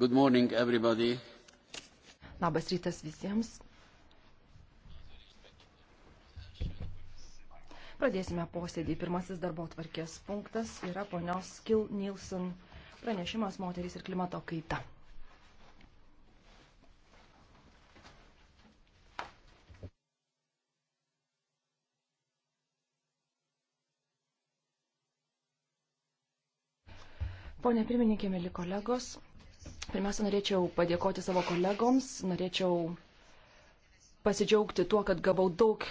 Good morning, everybody. Labas rytas visiems. Pradėsime posėdį. Pirmasis darbo tvarkės punktas yra ponios Kil Nilsson pranešimas moterys ir klimato kaita. Pone pirmininkė, mėly kolegos, Pirmiausia, norėčiau padėkoti savo kolegoms, norėčiau pasidžiaugti tuo, kad gavau daug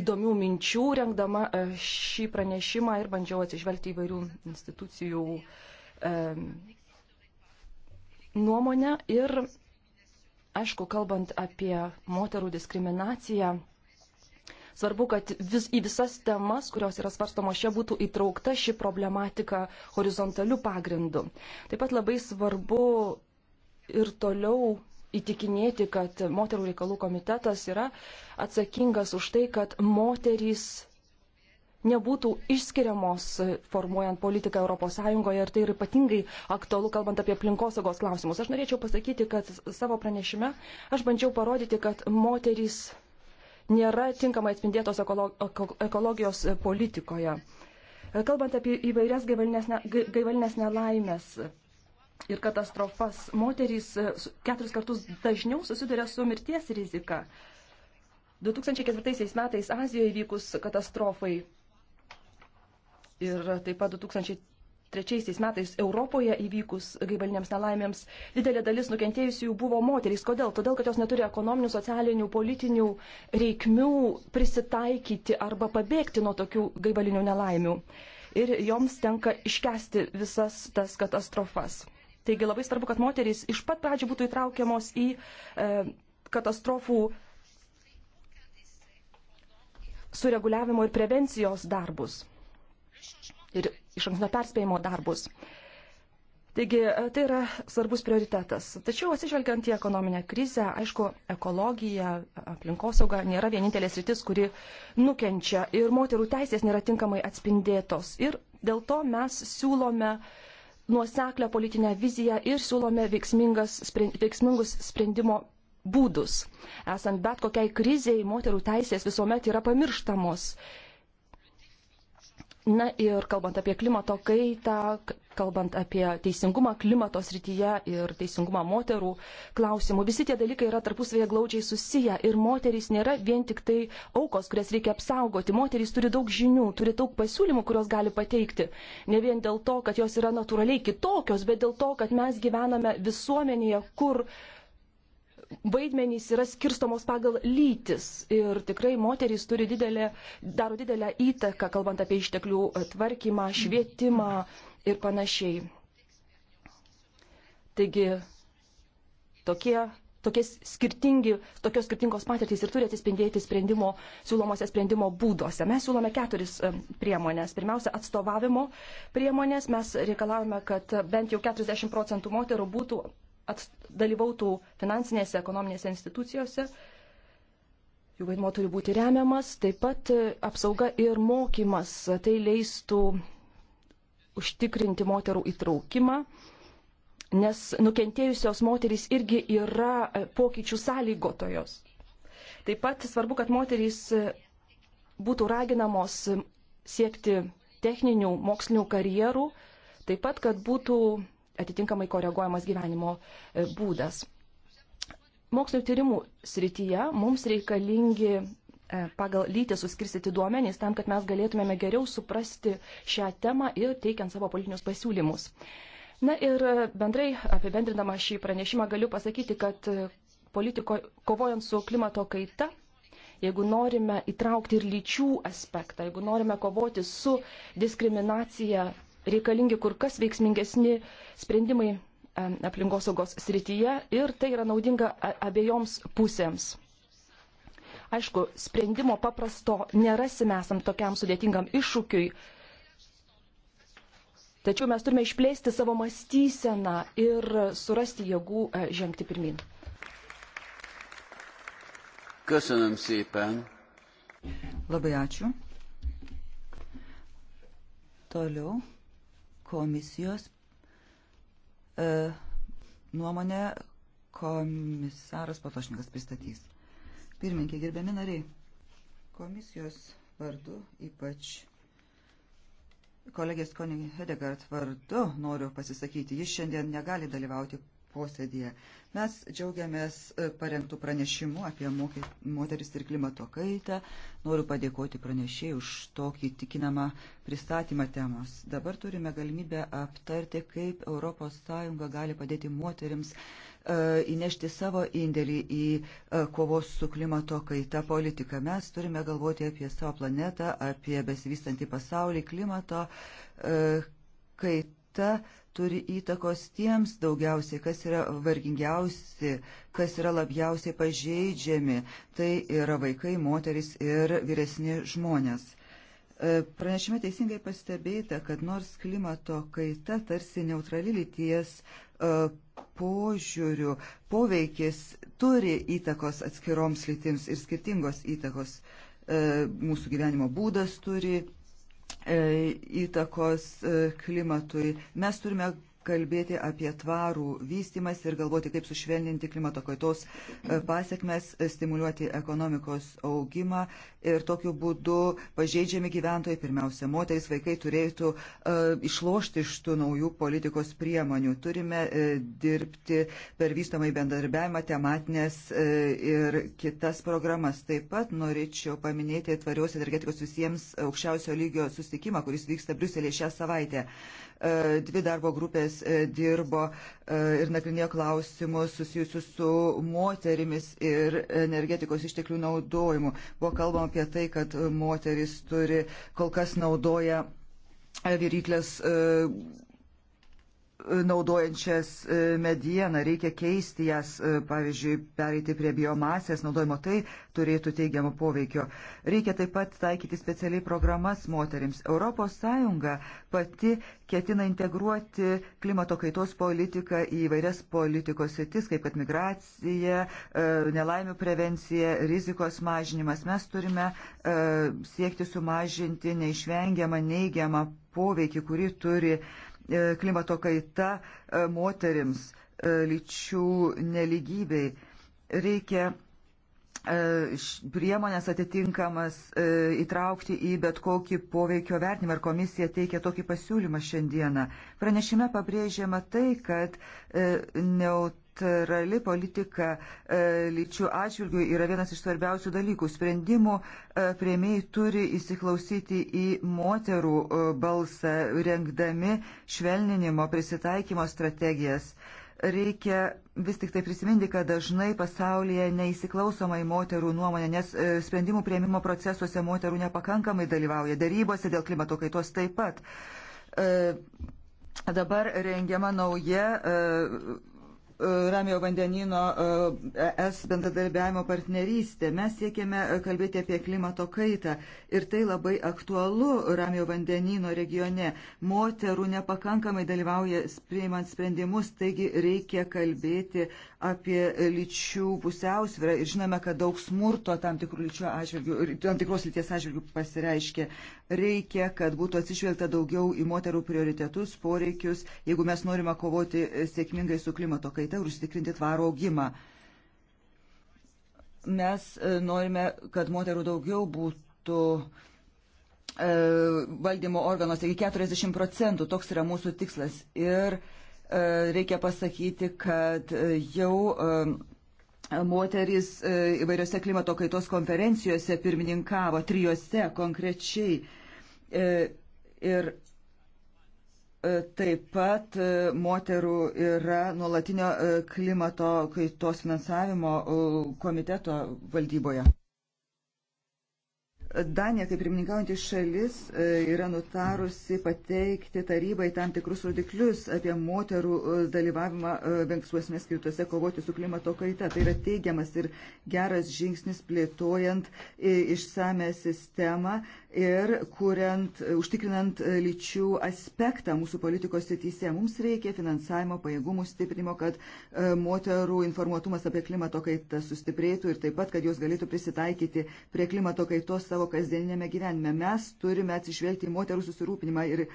įdomių minčių rengdama e, šį pranešimą ir bandžiau atsižvelgti įvairių institucijų e, nuomonę. Ir aišku, kalbant apie moterų diskriminaciją, Svarbu, kad vis, į visas temas, kurios yra svarstomos čia, būtų įtraukta ši problematika horizontaliu pagrindu. Taip pat labai svarbu ir toliau įtikinėti, kad moterų reikalų komitetas yra atsakingas už tai, kad moterys nebūtų išskiriamos formuojant politiką ES ir tai yra ypatingai aktualu, kalbant apie aplinkosaugos klausimus. Aš norėčiau pasakyti, kad savo pranešime aš bandžiau parodyti, kad moterys nėra tinkamai atspindėtos ekologijos politikoje. Kalbant apie įvairias gaivalinės nelaimės ir katastrofas, moterys keturis kartus dažniau susiduria su mirties rizika. 2004 metais Azijoje vykus katastrofai ir taip pat 2000 trečiaisiais metais Europoje įvykus gaivaliniams nelaimėms didelė dalis nukentėjusiųjų buvo moterys. Kodėl? Todėl, kad jos neturi ekonominių, socialinių, politinių reikmių prisitaikyti arba pabėgti nuo tokių gaivalinių nelaimių. Ir joms tenka iškesti visas tas katastrofas. Taigi labai svarbu, kad moterys iš pat pradžių būtų įtraukiamos į e, katastrofų sureguliavimo ir prevencijos darbus ir iš ankstinio perspėjimo darbus. Taigi e, tai yra svarbus prioritetas. Tačiau atsižvelgiant į ekonominę krizę, aišku, ekologija, aplinkosauga nėra vienintelės rytis, kuri nukenčia ir moterų teisės nėra tinkamai atspindėtos. Ir dėl to mes siūlome nuoseklę politinę viziją ir siūlome veiksmingus sprendimo būdus. Esant bet kokiai kriziai, moterų teisės visuomet yra pamirštamos Na ir kalbant apie klimato kaitą, kalbant apie teisingumą klimato srityje ir teisingumą moterų klausimų, visi tie dalykai yra tarpusavėje glaudžiai susiję ir moterys nėra vien tik tai aukos, kurias reikia apsaugoti. Moterys turi daug žinių, turi daug pasiūlymų, kuriuos gali pateikti. Ne vien dėl to, kad jos yra natūraliai kitokios, bet dėl to, kad mes gyvename visuomenėje, kur uh, vaidmenys yra skirstomos pagal lytis ir tikrai moterys turi didelę, daro didelę įtaką, kalbant apie išteklių e, tvarkymą, švietimą ir panašiai. Taigi tokie, tokie skirtingi, tokios skirtingos patirtys ir turi atsispindėti sprendimo, siūlomose sprendimo būduose. Mes siūlome keturis e, priemonės. Pirmiausia, atstovavimo priemonės. Mes reikalavome, kad bent jau 40 procentų moterų būtų dalyvautų finansinėse ekonominėse institucijose, jų vaidmo turi būti remiamas, taip pat e, apsauga ir mokymas, tai leistų užtikrinti moterų įtraukimą, nes nukentėjusios moterys irgi yra e, pokyčių sąlygotojos. Taip pat svarbu, kad moterys e, būtų raginamos siekti techninių mokslinių karjerų, taip pat, kad būtų atitinkamai koreguojamas gyvenimo e, būdas. Mokslinio tyrimų srityje mums reikalingi e, pagal lytį suskirstyti duomenys tam, kad mes galėtumėme geriau suprasti šią temą ir teikiant savo politinius pasiūlymus. Na ir e, bendrai apibendrindama šį pranešimą galiu pasakyti, kad politiko, kovojant su klimato kaita, jeigu norime įtraukti ir lyčių aspektą, jeigu norime kovoti su diskriminacija reikalingi kur kas veiksmingesni sprendimai e, aplinkosaugos srityje ir tai yra naudinga abiejoms pusėms. Aišku, sprendimo paprasto nerasime esam tokiam sudėtingam iššūkiui, tačiau mes turime išplėsti savo mąstyseną ir surasti jėgų e, žengti pirmin. Köszönöm szépen. Labai ačiū. Toliau komisijos e, nuomonę komisaras Patošnikas pristatys. Pirmininkė, gerbiami nariai, komisijos vardu, ypač kolegės Konig Hedegard vardu noriu pasisakyti. Jis šiandien negali dalyvauti posėdėje. Mes džiaugiamės e, parengtų pranešimų apie moteris ir klimato kaitą. Noriu padėkoti pranešėjai už tokį tikinamą pristatymą temos. Dabar turime galimybę aptarti, kaip ES gali padėti moteriams e, įnešti savo indėlį į e, kovos su klimato kaita politiką. Mes turime galvoti apie savo planetą, apie besivystantį pasaulį, klimato kaitą turi įtakos tiems daugiausiai, kas yra vargingiausi, kas yra labiausiai pažeidžiami. Tai yra vaikai, moteris ir vyresni žmonės. E, pranešime teisingai pastebėta, kad nors klimato kaita tarsi neutrali lyties e, požiūrių poveikis turi įtakos atskiroms lytims ir skirtingos įtakos. E, mūsų gyvenimo būdas turi E, įtakos e, klimatui. Mes turime kalbėti apie tvarų vystimas ir galvoti, kaip sušvelninti klimato kaitos e, pasiekmes, e, stimuliuoti ekonomikos augimą ir tokiu būdu pažeidžiami gyventojai, pirmiausia, moteris, vaikai turėtų uh, išlošti iš tų naujų politikos priemonių. Turime uh, dirbti per vystomą į bendarbiavimą, tematinės uh, ir kitas programas. Taip pat norėčiau paminėti tvarios energetikos visiems aukščiausio lygio sustikimą, kuris vyksta Briuselėje šią savaitę. Uh, E, dvi darbo grupės e, dirbo e, ir nagrinėjo klausimus susijusius su moterimis ir energetikos išteklių naudojimu. Buvo kalbama apie tai, kad moteris turi kol kas naudoja viryklės naudojančias e, medieną, reikia keisti jas, e, pavyzdžiui, pereiti prie biomasės naudojimo, tai turėtų teigiamą poveikio. Reikia taip pat taikyti specialiai programas moterims. ES pati ketina integruoti klimato kaitos politiką į vairias politikos sritis, kaip kad migracija, e, nelaimių prevencija, rizikos mažinimas. Mes turime siekti sumažinti neišvengiamą neigiamą poveikį, kurį turi uh, E, klimato kaita e, moterims, e, lyčių neligybei. Reikia priemonės atitinkamas įtraukti į bet kokį poveikio vertinimą. Ir komisija teikia tokį pasiūlymą šiandieną. Pranešime pabrėžiama tai, kad neutralizacija neutrali politika e, lyčių atžvilgių yra vienas iš svarbiausių dalykų. Sprendimų e, prieimėjai turi įsiklausyti į moterų e, balsą, rengdami švelninimo prisitaikymo strategijas. Reikia vis tik tai prisiminti, kad dažnai pasaulyje neįsiklausoma į moterų nuomonę, nes sprendimų prieimimo procesuose moterų nepakankamai dalyvauja, darybose dėl klimato kaitos taip pat. Dabar rengiama nauja Ramio vandenino e, ES bendradarbiavimo partnerystė. Mes siekiame kalbėti apie klimato kaitą ir tai labai aktualu Ramio vandenino regione. Moterų nepakankamai dalyvauja priimant sprendimus, taigi reikia kalbėti apie lyčių pusiausvyrą ir žinome, kad daug smurto tam tikrų lyčių atžvilgių, tam tikros lyties atžvilgių pasireiškia Reikia, kad būtų atsižvelgta daugiau į moterų prioritetus, poreikius, jeigu mes norime kovoti e, sėkmingai su klimato kaita ir užtikrinti tvarų augimą. Mes e, norime, kad moterų daugiau būtų e, valdymo organuose iki 40 procentų. Toks yra mūsų tikslas. Ir reikia pasakyti, kad jau moteris įvairiose klimato kaitos konferencijose pirmininkavo trijose konkrečiai E, ir e, taip pat e, moterų yra nuolatinio klimato kaitos finansavimo komiteto valdyboje. Danija, kaip pirmininkaujantis šalis, yra nutarusi pateikti tarybai tam tikrus rodiklius apie moterų dalyvavimą venksuosmės skirtose kovoti su klimato kaita. Tai yra teigiamas ir geras žingsnis plėtojant išsame sistemą ir kuriant, užtikrinant lyčių aspektą mūsų politikos sityse. Mums reikia finansavimo pajėgumų stiprinimo, kad e, moterų informuotumas apie klimato kaitą sustiprėtų ir taip pat, kad jos galėtų prisitaikyti prie klimato kaitos savo kasdieninėme gyvenime. Mes turime atsižvelgti į moterų susirūpinimą ir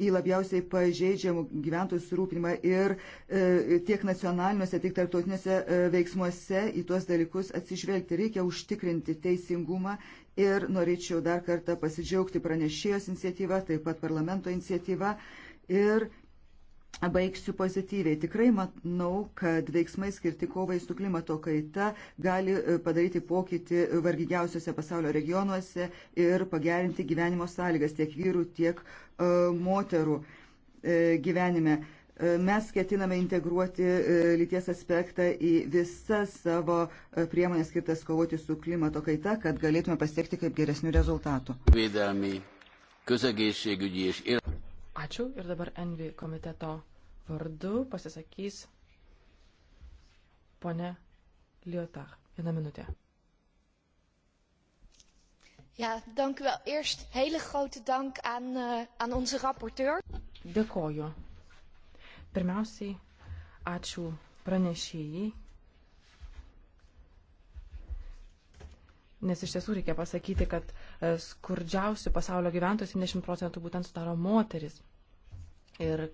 į labiausiai pažeidžiamų gyventojų surūpinimą ir e, tiek nacionaliniuose, tiek tarptautiniuose e, veiksmuose į tuos dalykus atsižvelgti. Reikia užtikrinti teisingumą ir norėčiau dar kartą pasidžiaugti pranešėjos iniciatyvą, taip pat parlamento iniciatyvą ir baigsiu pozityviai. Tikrai manau, kad veiksmai skirti kovai su klimato kaita gali e, padaryti pokytį vargingiausiose pasaulio regionuose ir pagerinti gyvenimo sąlygas tiek vyrų, tiek uh, moterų uh, gyvenime. Uh, Mes ketiname integruoti e, lyties aspektą į visas savo e, priemonės skirtas kovoti su klimato kaita, kad galėtume pasiekti kaip geresnių rezultatų. Ačiū ir dabar Envi komiteto vardu pasisakys ponė Liotach. Vieną minutę. Ja, dank u wel. Eerst hele grote dank aan, uh, aan onze rapporteur. Dėkoju. Pirmiausiai, ačiū pranešėjai, nes iš tiesų reikia pasakyti, kad e, skurdžiausių pasaulio gyventojų 70 procentų būtent sudaro moteris. Ir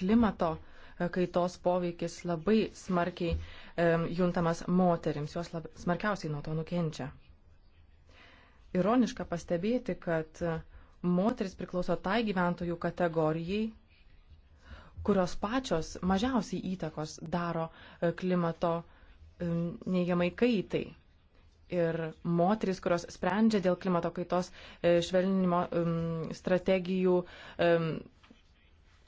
klimato e, kaitos poveikis labai smarkiai e, juntamas moterims, jos lab, smarkiausiai nuo to nukenčia. Ironiška pastebėti, kad moteris priklauso tai gyventojų kategorijai, kurios pačios mažiausiai įtakos daro e, klimato e, neigiamai kaitai. Ir moteris, kurios sprendžia dėl klimato kaitos e, švelninimo strategijų,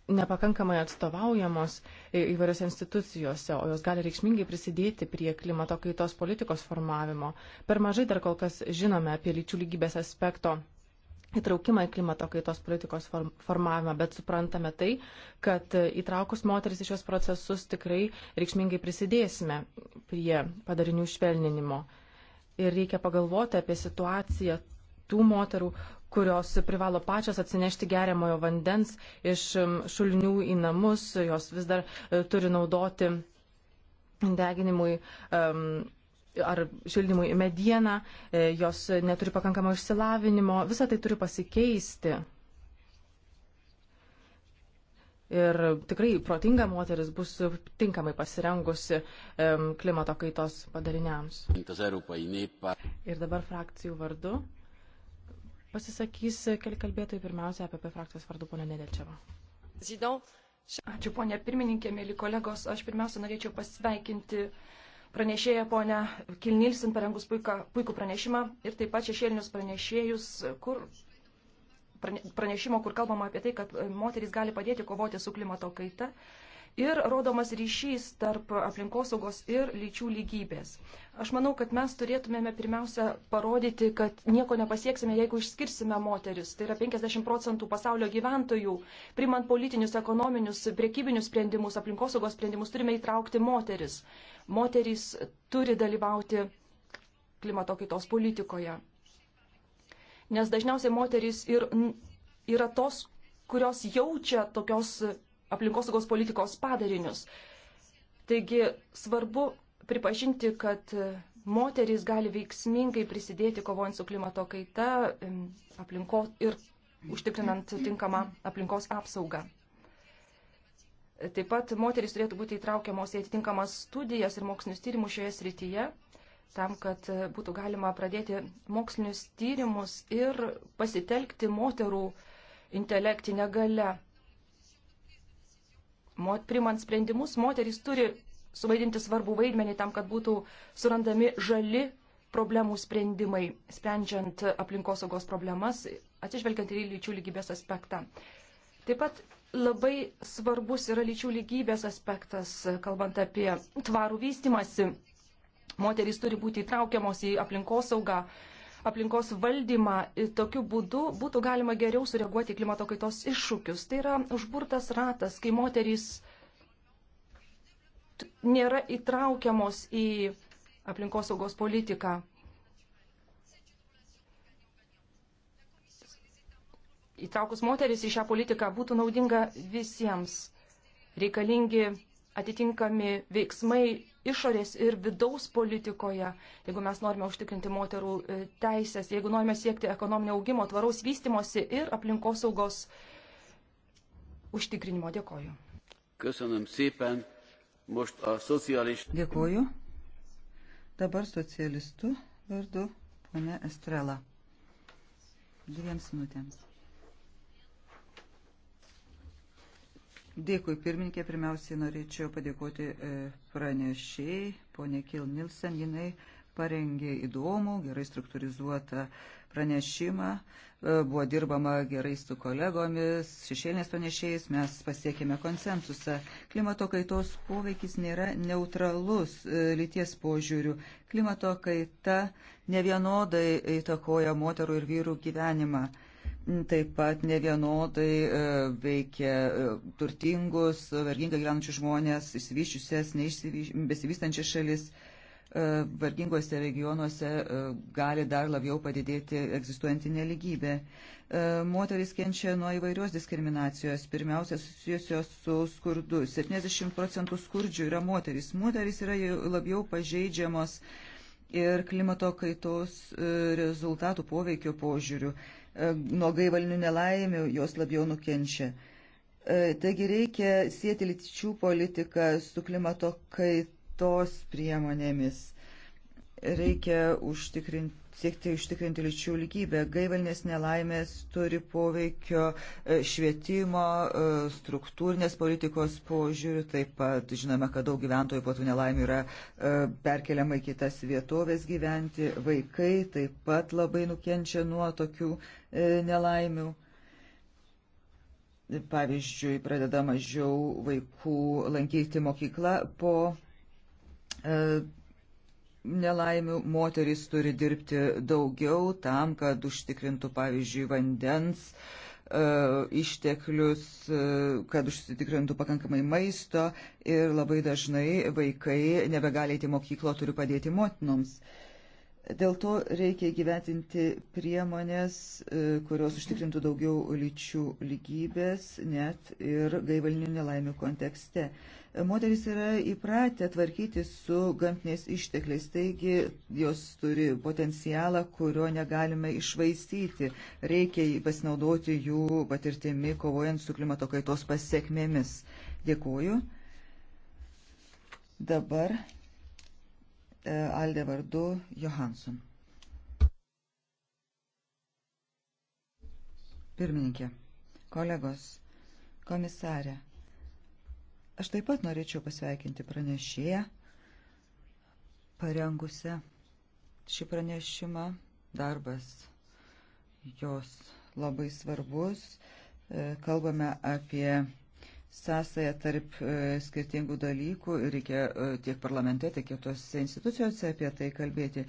nepakankamai atstovaujamos įvairiose institucijose, o jos gali reikšmingai prisidėti prie klimato kaitos politikos formavimo. Per mažai dar kol kas žinome apie lyčių lygybės aspekto įtraukimą į klimato kaitos politikos formavimą, bet suprantame tai, kad įtraukus moteris į šios procesus tikrai reikšmingai prisidėsime prie padarinių švelninimo. Ir reikia pagalvoti apie situaciją tų moterų, kurios privalo pačios atsinešti geriamojo vandens iš šulinių į namus, jos vis dar e, turi naudoti deginimui um, ar šildymui medieną, e, jos neturi pakankamo išsilavinimo, visa tai turi pasikeisti. Ir tikrai protinga moteris bus tinkamai pasirengusi klimato kaitos padariniams. Ir dabar frakcijų vardu pasisakys keli kalbėtojai pirmiausia apie frakcijos vardu ponę Nedečiavą. Ačiū ponė pirmininkė, mėly kolegos. Aš pirmiausia norėčiau pasveikinti uh, pranešėją ponę Kilnilsin parengus puiką, puikų pranešimą ir taip pat šešėlinius pranešėjus, kur pranešimo, kur kalbama apie tai, kad moterys gali padėti kovoti su klimato kaita ir rodomas ryšys tarp aplinkosaugos ir lyčių lygybės. Aš manau, kad mes turėtumėme pirmiausia parodyti, kad nieko nepasieksime, jeigu išskirsime moteris. Tai yra 50 procentų pasaulio gyventojų. Primant politinius, ekonominius, priekybinius sprendimus, aplinkosaugos sprendimus, turime įtraukti moteris. Moterys turi dalyvauti klimato kaitos politikoje. Nes dažniausiai moterys ir yra tos, kurios jaučia tokios aplinkosaugos politikos padarinius. Taigi svarbu pripažinti, kad moterys gali veiksmingai prisidėti kovojant su klimato kaita aplinko, ir užtikrinant tinkamą aplinkos apsaugą. Taip pat moterys turėtų būti įtraukiamos į atitinkamas studijas ir mokslinius tyrimus šioje srityje, tam, kad būtų galima pradėti mokslinius tyrimus ir pasitelkti moterų intelektinę galę primant sprendimus, moterys turi suvaidinti svarbų vaidmenį tam, kad būtų surandami žali problemų sprendimai, sprendžiant aplinkosaugos problemas, atsižvelgiant ir į lyčių lygybės aspektą. Taip pat labai svarbus yra lyčių lygybės aspektas, kalbant apie tvarų vystimasi. Moterys turi būti įtraukiamos į aplinkosaugą, saugą aplinkos valdymą, tokiu būdu būtų galima geriau sureaguoti į klimato kaitos iššūkius. Tai yra užburtas ratas, kai moterys nėra įtraukiamos į aplinkosaugos politiką. Įtraukus moteris į šią politiką būtų naudinga visiems. Reikalingi atitinkami veiksmai išorės ir vidaus politikoje, jeigu mes norime užtikrinti moterų e, teisės, jeigu norime siekti ekonominio augimo, tvaraus vystimosi ir aplinkosaugos užtikrinimo. Dėkoju. Dėkoju. Dabar socialistų vardu ponė Estrela. Dviems minutėms. Dėkui pirmininkė, pirmiausiai norėčiau padėkoti e, pranešėjai, ponė Kil Nilsen, jinai parengė įdomų, gerai struktūrizuotą pranešimą, e, buvo dirbama gerai su kolegomis, šešėlinės pranešėjais, mes pasiekėme konsensusą. Klimato kaitos poveikis nėra neutralus e, lyties požiūrių. Klimato kaita nevienodai įtakoja moterų ir vyrų gyvenimą taip pat nevienodai e, veikia e, turtingus, vargingai gyvenančius žmonės, išsivyščiusias, besivystančias šalis. E, Vargingose regionuose gali dar labiau padidėti egzistuojanti neligybė. Moteris kenčia nuo įvairios diskriminacijos, pirmiausia susijusios su skurdu. 70 procentų skurdžių yra moteris. Moteris yra labiau pažeidžiamos ir klimato kaitos rezultatų poveikio požiūrių. E, nuo gaivalinių nelaimių jos labiau nukenčia. E, taigi reikia sėti lyčių politiką su klimato kaitos priemonėmis. Reikia užtikrinti siekti ištikrinti lyčių lygybę. Gaivalinės nelaimės turi poveikio e, švietimo, struktūrinės politikos požiūrių, taip pat žinome, kad daug gyventojų po tų nelaimių yra perkeliama į kitas vietovės gyventi, vaikai taip pat labai nukenčia nuo tokių E, nelaimių. Pavyzdžiui, pradeda mažiau vaikų lankyti mokyklą po e, nelaimių moterys turi dirbti daugiau tam, kad užtikrintų, pavyzdžiui, vandens e, išteklius, kad užsitikrintų pakankamai maisto ir labai dažnai vaikai nebegali įti mokyklo, turi padėti motinoms. Uh, Dėl to reikia gyventinti priemonės, e, kurios užtikrintų daugiau lyčių lygybės, net ir gaivalinių nelaimių kontekste. E, Moteris yra įpratę tvarkyti su gamtiniais ištekliais, taigi jos turi potencialą, kurio negalime išvaistyti. Reikia pasinaudoti jų patirtimi, kovojant su klimato kaitos pasiekmėmis. Dėkuoju. Dabar E, Alde vardu Johansson. Pirmininkė, kolegos, komisarė, aš taip pat norėčiau pasveikinti pranešėją, parengusią šį pranešimą. Darbas jos labai svarbus. E, kalbame apie sąsają tarp e, skirtingų dalykų ir reikia e, tiek parlamente, tiek kitose institucijose apie tai kalbėti.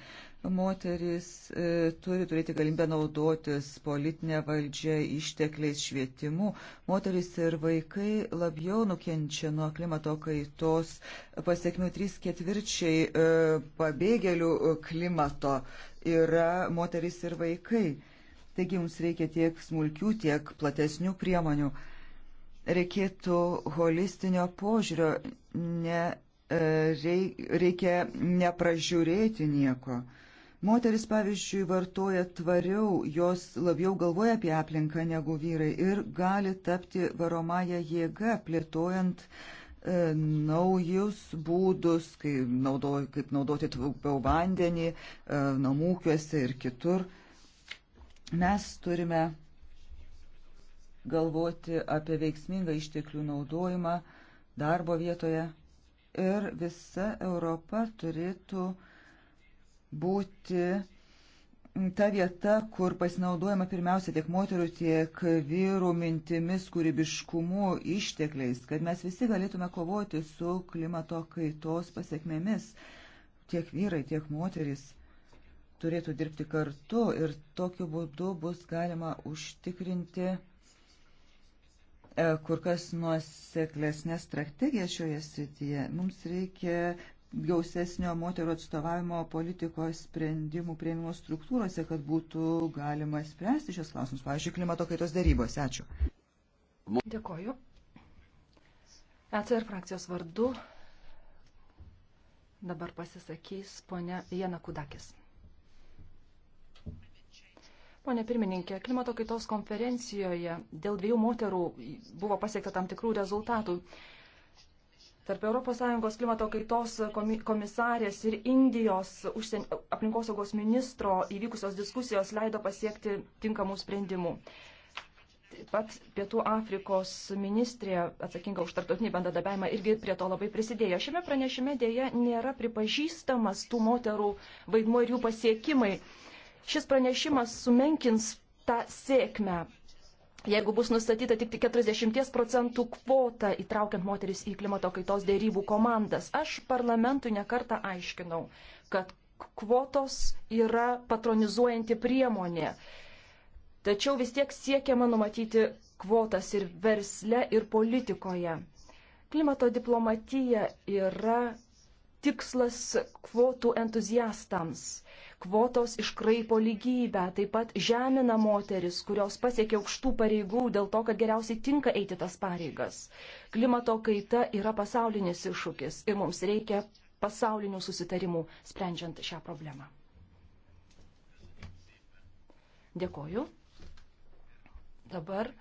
Moteris e, turi turėti galimybę naudotis politinę valdžią, ištekliais, švietimu. Moteris ir vaikai labiau nukenčia nuo klimato kaitos pasiekmių trys ketvirčiai pabėgėlių klimato yra moteris ir vaikai. Taigi mums reikia tiek smulkių, tiek platesnių priemonių reikėtų holistinio požiūrio, ne, e, reikia nepražiūrėti nieko. Moteris, pavyzdžiui, vartoja tvariau, jos labiau galvoja apie aplinką negu vyrai ir gali tapti varomąją jėgą, plėtojant e, naujus būdus, kaip, naudo, kaip naudoti tvaupiau vandenį e, namūkiuose ir kitur. Mes turime galvoti apie veiksmingą išteklių naudojimą darbo vietoje. Ir visa Europa turėtų būti ta vieta, kur pasinaudojama pirmiausia tiek moterų, tiek vyrų mintimis, kūrybiškumu, ištekliais, kad mes visi galėtume kovoti su klimato kaitos pasiekmėmis. Tiek vyrai, tiek moteris turėtų dirbti kartu ir tokiu būdu bus galima užtikrinti E, kur kas nuoseklesnė strategija šioje srityje. Mums reikia gausesnio moterų atstovavimo politikos sprendimų prieimimo struktūrose, kad būtų galima spręsti šios klausimus, pavyzdžiui, klimato kaitos darybose. Ačiū. Dėkoju. ECR frakcijos vardu dabar pasisakys ponia Jena Kudakis. Pone pirmininkė, klimato kaitos konferencijoje dėl dviejų moterų buvo pasiekta tam tikrų rezultatų. Tarp ES klimato kaitos komisarės ir Indijos užsien... aplinkosaugos ministro įvykusios diskusijos leido pasiekti tinkamų sprendimų. Taip pat Pietų Afrikos ministrė atsakinga už tarptautinį bendradarbiavimą irgi prie to labai prisidėjo. Šiame pranešime dėja nėra pripažįstamas tų moterų vaidmuo ir jų pasiekimai šis pranešimas sumenkins tą sėkmę, jeigu bus nustatyta tik 40 procentų kvota įtraukiant moteris į klimato kaitos dėrybų komandas. Aš parlamentui nekartą aiškinau, kad kvotos yra patronizuojanti priemonė. Tačiau vis tiek siekiama numatyti kvotas ir versle, ir politikoje. Klimato diplomatija yra tikslas kvotų entuziastams. Kvotos iškraipo lygybę, taip pat žemina moteris, kurios pasiekia aukštų pareigų dėl to, kad geriausiai tinka eiti tas pareigas. Klimato kaita yra pasaulinis iššūkis ir mums reikia pasaulinių susitarimų sprendžiant šią problemą. Dėkoju. Dabar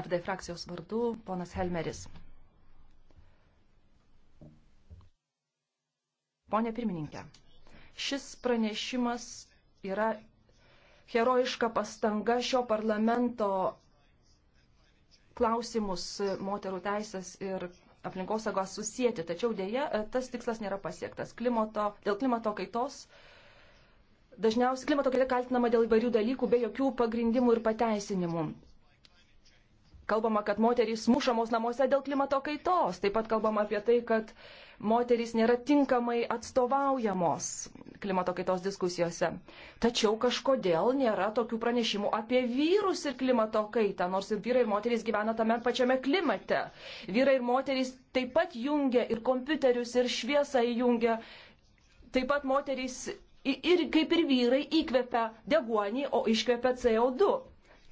FD frakcijos vardu ponas Helmeris. Pone pirmininkė. Šis pranešimas yra herojiška pastanga šio parlamento klausimus moterų teisės ir aplinkosaugos susijęti. Tačiau dėja, e, tas tikslas nėra pasiektas. Klimato, dėl klimato kaitos dažniausiai klimato kaita kaltinama dėl įvairių dalykų be jokių pagrindimų ir pateisinimų. Kalbama, kad moterys mušamos namuose dėl klimato kaitos. Taip pat kalbama apie tai, kad moterys nėra tinkamai atstovaujamos klimato kaitos diskusijose. Tačiau kažkodėl nėra tokių pranešimų apie vyrus ir klimato kaitą, nors ir vyrai ir moterys gyvena tame pačiame klimate. Vyrai ir moterys taip pat jungia ir kompiuterius, ir šviesą įjungia. Taip pat moterys ir kaip ir vyrai įkvepia deguonį, o iškvepia CO2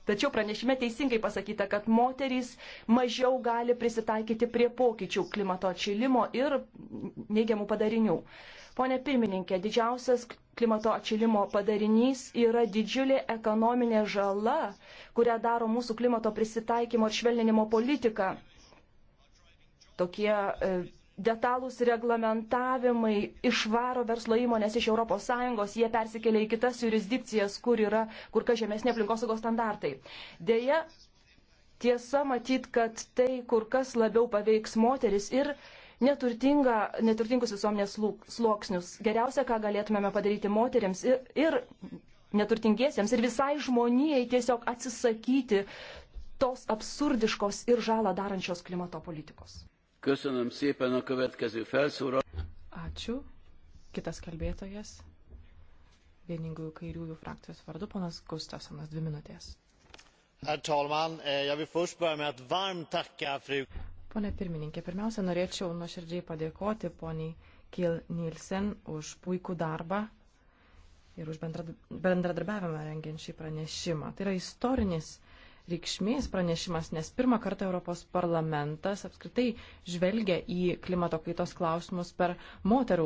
Tačiau pranešime teisingai pasakyta, kad moterys mažiau gali prisitaikyti prie pokyčių klimato atšilimo ir neigiamų padarinių. Pone pirmininkė, didžiausias klimato atšilimo padarinys yra didžiulė ekonominė žala, kurią daro mūsų klimato prisitaikymo ir švelninimo politika. Tokie e, detalūs reglamentavimai išvaro verslo įmonės iš ES, jie persikelia į kitas jurisdikcijas, kur yra kur kas žemesnė aplinkosaugos standartai. Deja, tiesa matyt, kad tai kur kas labiau paveiks moteris ir neturtingus visuomenės sluoksnius. Geriausia, ką galėtumėme padaryti moteriams ir, ir neturtingiesiems ir visai žmonijai tiesiog atsisakyti tos absurdiškos ir žalą darančios klimato politikos. Köszönöm szépen a következő felszóra. Ačiū. Kitas kalbėtojas. Vieningųjų kairiųjų frakcijos vardu ponas Gustavsonas, dvi minutės. Herr talman, eh, jag vill först börja med att varmt tacka fru. Pone pirmininkė, pirmiausia, norėčiau nuoširdžiai padėkoti poniai Kil Nielsen už puikų darbą ir už bendradarbiavimą rengiant šį pranešimą. Tai yra istorinis reikšmės pranešimas, nes pirmą kartą Europos parlamentas apskritai žvelgia į klimato kaitos klausimus per moterų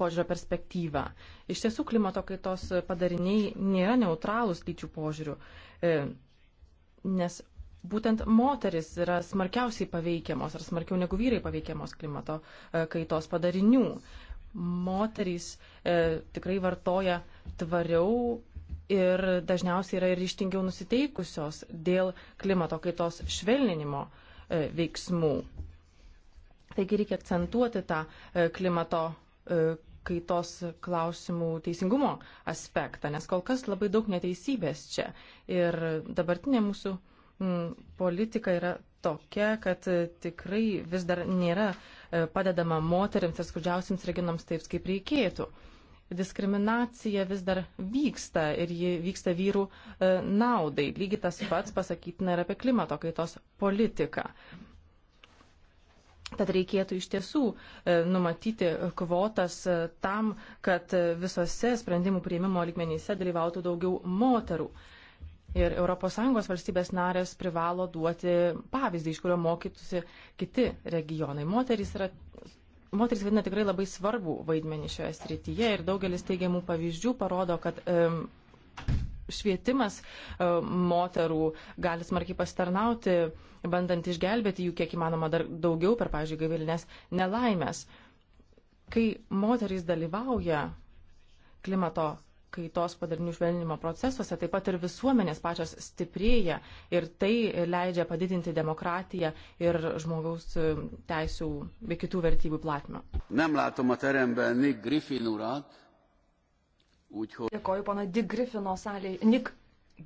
požiūrio perspektyvą. Iš tiesų, klimato kaitos padariniai nėra neutralūs lyčių požiūrių, e, nes būtent moteris yra smarkiausiai paveikiamos ar smarkiau negu vyrai paveikiamos klimato e, kaitos padarinių. Moterys e, tikrai vartoja tvariau ir dažniausiai yra ryštingiau nusiteikusios dėl klimato kaitos švelninimo e, veiksmų. Taigi reikia akcentuoti tą e, klimato e, kaitos klausimų teisingumo aspektą, nes kol kas labai daug neteisybės čia. Ir dabartinė mūsų politika yra tokia, kad tikrai vis dar nėra padedama moteriams ir skurdžiausiams regionams taip, kaip reikėtų diskriminacija vis dar vyksta ir ji vyksta vyrų e, naudai. Lygiai tas pats pasakytina ir apie klimato kaitos politiką. Tad reikėtų iš tiesų e, numatyti kvotas e, tam, kad visose sprendimų prieimimo lygmenyse dalyvautų daugiau moterų. Ir ES valstybės narės privalo duoti pavyzdį, iš kurio mokytųsi kiti regionai. Moterys yra moteris vadina tikrai labai svarbu vaidmenį šioje srityje ir daugelis teigiamų pavyzdžių parodo, kad um, švietimas um, moterų gali smarkiai pasitarnauti, bandant išgelbėti jų kiek įmanoma dar daugiau per, pavyzdžiui, gaivilinės nelaimės. Kai moterys dalyvauja klimato kaitos padarinių švelninimo procesuose, taip pat ir visuomenės pačios stiprėja ir tai leidžia padidinti demokratiją ir žmogaus e, teisų bei kitų vertybių platimą. Dėkoju, pana Dick Griffino salėje, Nick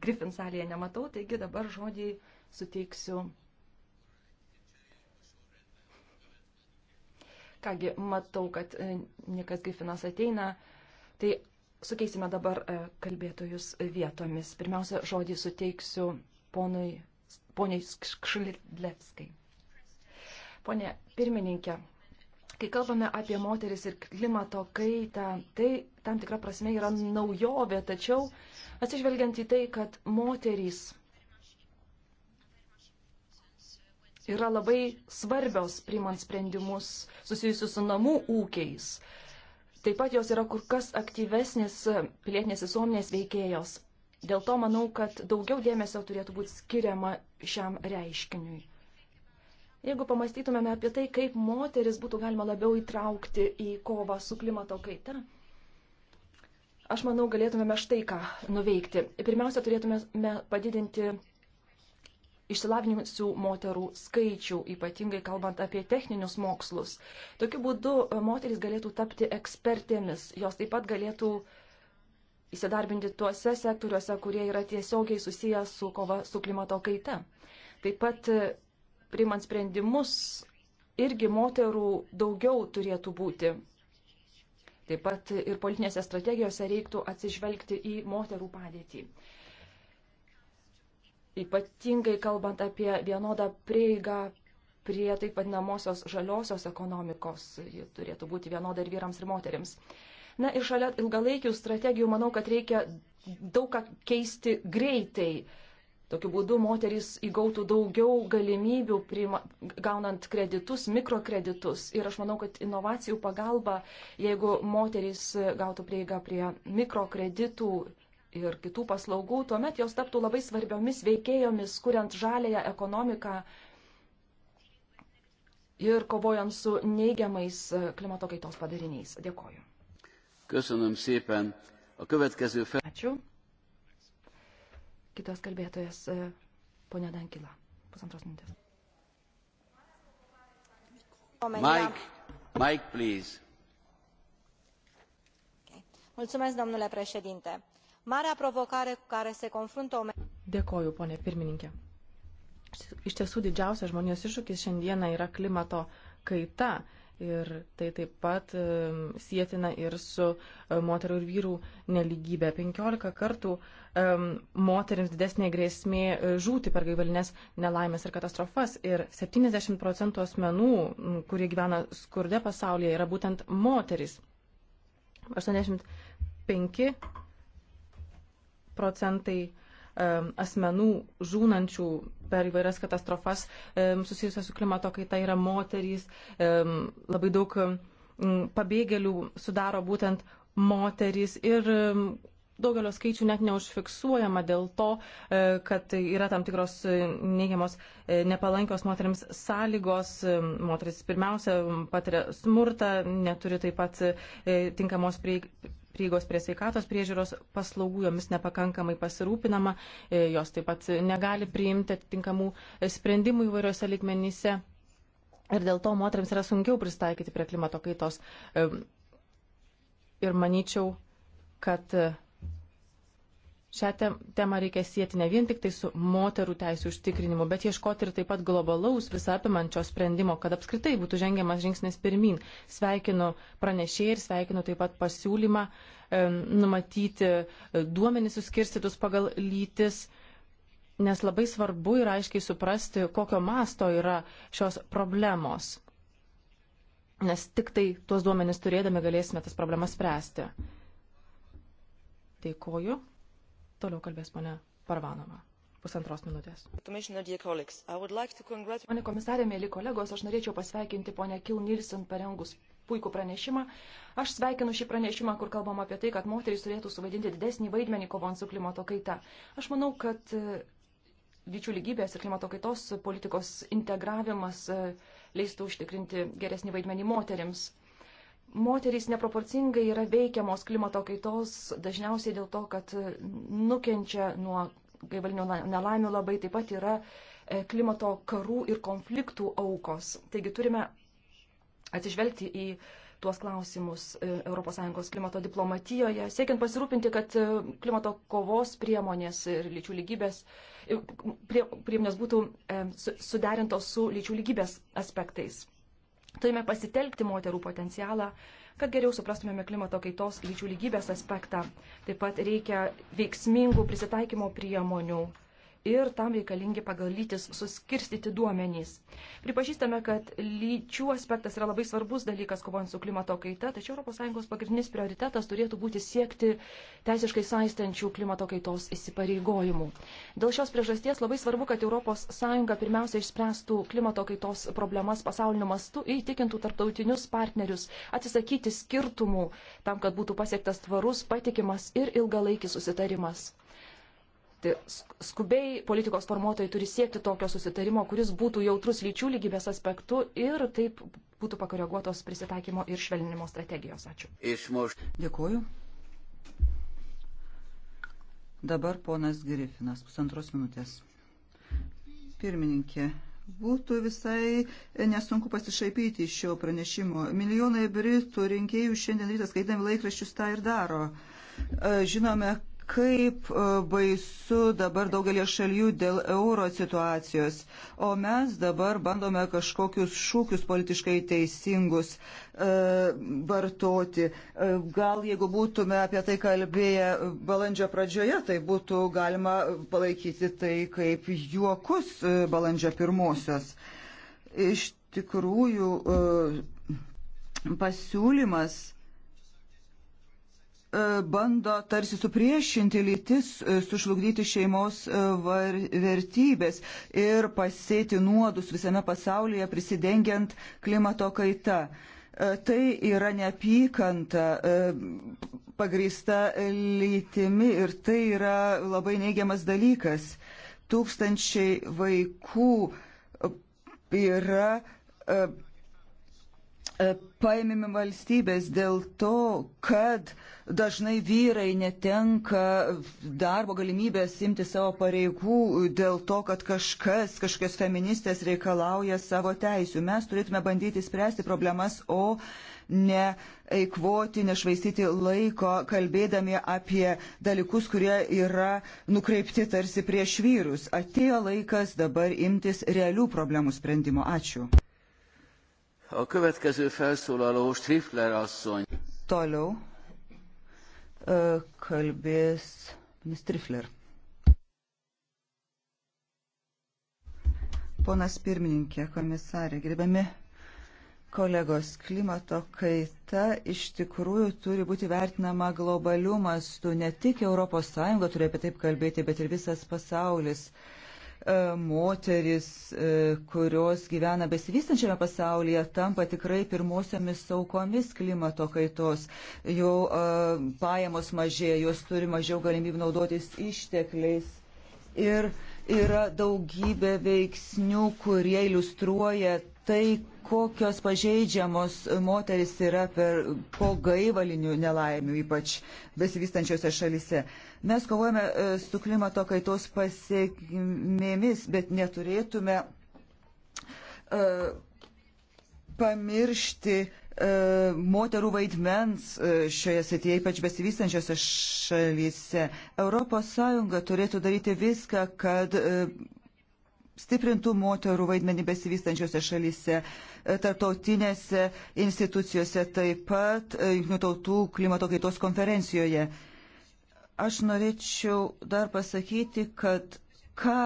Griffin salėje nematau, taigi dabar žodį suteiksiu. Kągi, matau, kad e, Nikas Griffinas ateina. Tai Sukeisime dabar e, kalbėtojus vietomis. Pirmiausia, žodį suteiksiu ponui, poniai Kšlidlevskai. Pone pirmininkė, kai kalbame apie moteris ir klimato kaitą, tai tam tikra prasme yra naujovė, tačiau atsižvelgiant į tai, kad moterys yra labai svarbios priimant sprendimus susijusius su namų ūkiais, Taip pat jos yra kur kas aktyvesnės pilietinės visuomenės veikėjos. Dėl to manau, kad daugiau dėmesio turėtų būti skiriama šiam reiškiniui. Jeigu pamastytumėme apie tai, kaip moteris būtų galima labiau įtraukti į kovą su klimato kaita, aš manau, galėtumėme štai ką nuveikti. Pirmiausia, turėtumėme padidinti išsilavinimusių moterų skaičių, ypatingai kalbant apie techninius mokslus. Tokiu būdu e, moteris galėtų tapti ekspertėmis, jos taip pat galėtų įsidarbinti tuose sektoriuose, kurie yra tiesiogiai susiję su kova su klimato kaita. Taip pat e, priimant sprendimus irgi moterų daugiau turėtų būti. Taip pat ir politinėse strategijose reiktų atsižvelgti į moterų padėtį ypatingai kalbant apie vienodą prieigą prie taip vadinamosios žaliosios ekonomikos. Ji turėtų būti vienoda ir vyrams, ir moteriams. Na ir šalia ilgalaikių strategijų manau, kad reikia daug ką keisti greitai. Tokiu būdu moteris įgautų daugiau galimybių priima, gaunant kreditus, mikrokreditus. Ir aš manau, kad inovacijų pagalba, jeigu moteris gautų prieigą prie mikrokreditų, ir kitų paslaugų, tuomet jos taptų labai svarbiomis veikėjomis, kuriant žalėją ekonomiką ir kovojant su neigiamais e, klimato kaitos padariniais. Dėkoju. Ačiū. Kitas kalbėtojas, e, ponė Dankila, pusantros minutės. Mike, Mike, please. Mulțumesc, domnule președinte marea provocare cu care se confruntă omenirea. Dėkoju, ponė pirmininkė. Iš tiesų didžiausias žmonijos iššūkis šiandieną yra klimato kaita. Ir tai taip pat um, sėtina ir su um, moterų ir vyrų neligybė. 15 kartų um, moteriams didesnė grėsmė e, žūti per gaivalinės nelaimės ir katastrofas. Ir 70 procentų asmenų, kurie gyvena skurde pasaulyje, yra būtent moteris. 85 procentai asmenų žūnančių per įvairias katastrofas susijusias su klimato kaita yra moterys. Labai daug pabėgėlių sudaro būtent moterys ir daugelio skaičių net neužfiksuojama dėl to, e, kad tai yra tam tikros e, neigiamos e, nepalankios moteriams sąlygos. Moteris pirmiausia patiria smurtą, neturi taip pat tinkamos prieigos prieigos prie sveikatos priežiūros paslaugų, jomis nepakankamai pasirūpinama, e, jos taip pat negali priimti atitinkamų e, sprendimų įvairiose likmenyse. Ir dėl to moteriams yra sunkiau pristaikyti prie klimato kaitos. E, ir manyčiau, kad Šią temą reikia sieti ne vien tik tai su moterų teisų užtikrinimu, bet ieškoti ir taip pat globalaus visapimančio sprendimo, kad apskritai būtų žengiamas žingsnis pirmin. Sveikinu pranešėjai ir sveikinu taip pat pasiūlymą e, numatyti duomenys suskirstytus pagal lytis. Nes labai svarbu yra aiškiai suprasti, kokio masto yra šios problemos nes tik tai tuos duomenis turėdami galėsime tas problemas spręsti. Dėkoju. Toliau kalbės ponia Parvanova. Pusantros minutės. Pane komisarė, mėly kolegos, aš norėčiau pasveikinti ponę Kil Nilsen parengus puikų pranešimą. Aš sveikinu šį pranešimą, kur kalbam apie tai, kad moterys turėtų suvaidinti didesnį vaidmenį kovant su klimato kaita. Aš manau, kad e, lyčių lygybės ir klimato kaitos politikos integravimas e, leistų užtikrinti geresnį vaidmenį moterims moterys neproporcingai yra veikiamos klimato kaitos, dažniausiai dėl to, kad nukenčia nuo gaivalinių nelaimių labai, taip pat yra e, klimato karų ir konfliktų aukos. Taigi turime atsižvelgti į tuos klausimus e, ES klimato diplomatijoje, siekiant pasirūpinti, kad e, klimato kovos priemonės ir lyčių lygybės priemonės būtų suderintos su lyčių lygybės aspektais. Turime pasitelkti moterų potencialą, kad geriau suprastumėme klimato kaitos lyčių lygybės aspektą. Taip pat reikia veiksmingų prisitaikymo priemonių ir tam reikalingi pagal lytis suskirstyti duomenys. Pripažįstame, kad lyčių aspektas yra labai svarbus dalykas kovojant su klimato kaita, tačiau ES pagrindinis prioritetas turėtų būti siekti teisiškai saistančių klimato kaitos įsipareigojimų. Dėl šios priežasties labai svarbu, kad ES pirmiausia išspręstų klimato kaitos problemas pasauliniu mastu ir įtikintų tarptautinius partnerius atsisakyti skirtumų tam, kad būtų pasiektas tvarus, patikimas ir ilgalaikis susitarimas. Tai skubiai politikos formuotojai turi siekti tokio susitarimo, kuris būtų jautrus lyčių lygybės aspektu ir taip būtų pakoreguotos prisitaikymo ir švelninimo strategijos. Ačiū. Išmuš. Dėkuoju. Dabar ponas Grifinas, pusantros minutės. Pirmininkė, būtų visai nesunku pasišaipyti iš šio pranešimo. Milijonai britų rinkėjų šiandien rytas skaitami laikraščius tą ir daro. Žinome, kaip e, baisu dabar daugelį šalių dėl euro situacijos, o mes dabar bandome kažkokius šūkius politiškai teisingus e, vartoti. E, gal jeigu būtume apie tai kalbėję balandžio pradžioje, tai būtų galima palaikyti tai kaip juokus e, balandžio pirmosios. Iš tikrųjų, e, pasiūlymas E, bando tarsi supriešinti lytis, e, sužlugdyti šeimos e, vertybės ir pasėti nuodus visame pasaulyje prisidengiant klimato kaita. Tai yra neapykanta pagrįsta lytimi ir tai yra labai neigiamas dalykas. Tūkstančiai vaikų yra E, paėmėme valstybės dėl to, kad dažnai vyrai netenka darbo galimybės imti savo pareigų dėl to, kad kažkas, kažkokios feministės reikalauja savo teisių. Mes turėtume bandyti spręsti problemas, o ne eikvoti, nešvaistyti laiko, kalbėdami apie dalykus, kurie yra nukreipti tarsi prieš vyrus. Atėjo laikas dabar imtis realių problemų sprendimo. Ačiū. A következő felszólaló Strifler asszony. Toliau kalbės Strifler. Ponas pirmininkė, komisarė, gerbiami kolegos, klimato kaita iš tikrųjų turi būti vertinama globalių mastų. Ne tik ES turi apie taip kalbėti, bet ir visas pasaulis. Uh, E, moteris, e, kurios gyvena besivystančiame pasaulyje, tampa tikrai pirmosiomis saukomis klimato kaitos. Jų e, pajamos mažėja, jos turi mažiau galimybių naudotis ištekliais. Ir yra daugybė veiksnių, kurie iliustruoja tai, kokios pažeidžiamos moteris yra per, po gaivalinių nelaimių, ypač besivystančiose šalise. Mes kovojame e, su klimato kaitos pasiekmėmis, bet neturėtume uh, pamiršti e, moterų vaidmens šioje srityje, ypač besivystančiose šalyse. ES turėtų daryti viską, kad stiprintų moterų vaidmenį besivystančiose šalyse, e, tarptautinėse institucijose, taip pat e, Junktinių tautų klimato kaitos konferencijoje. Aš norėčiau dar pasakyti, kad ką,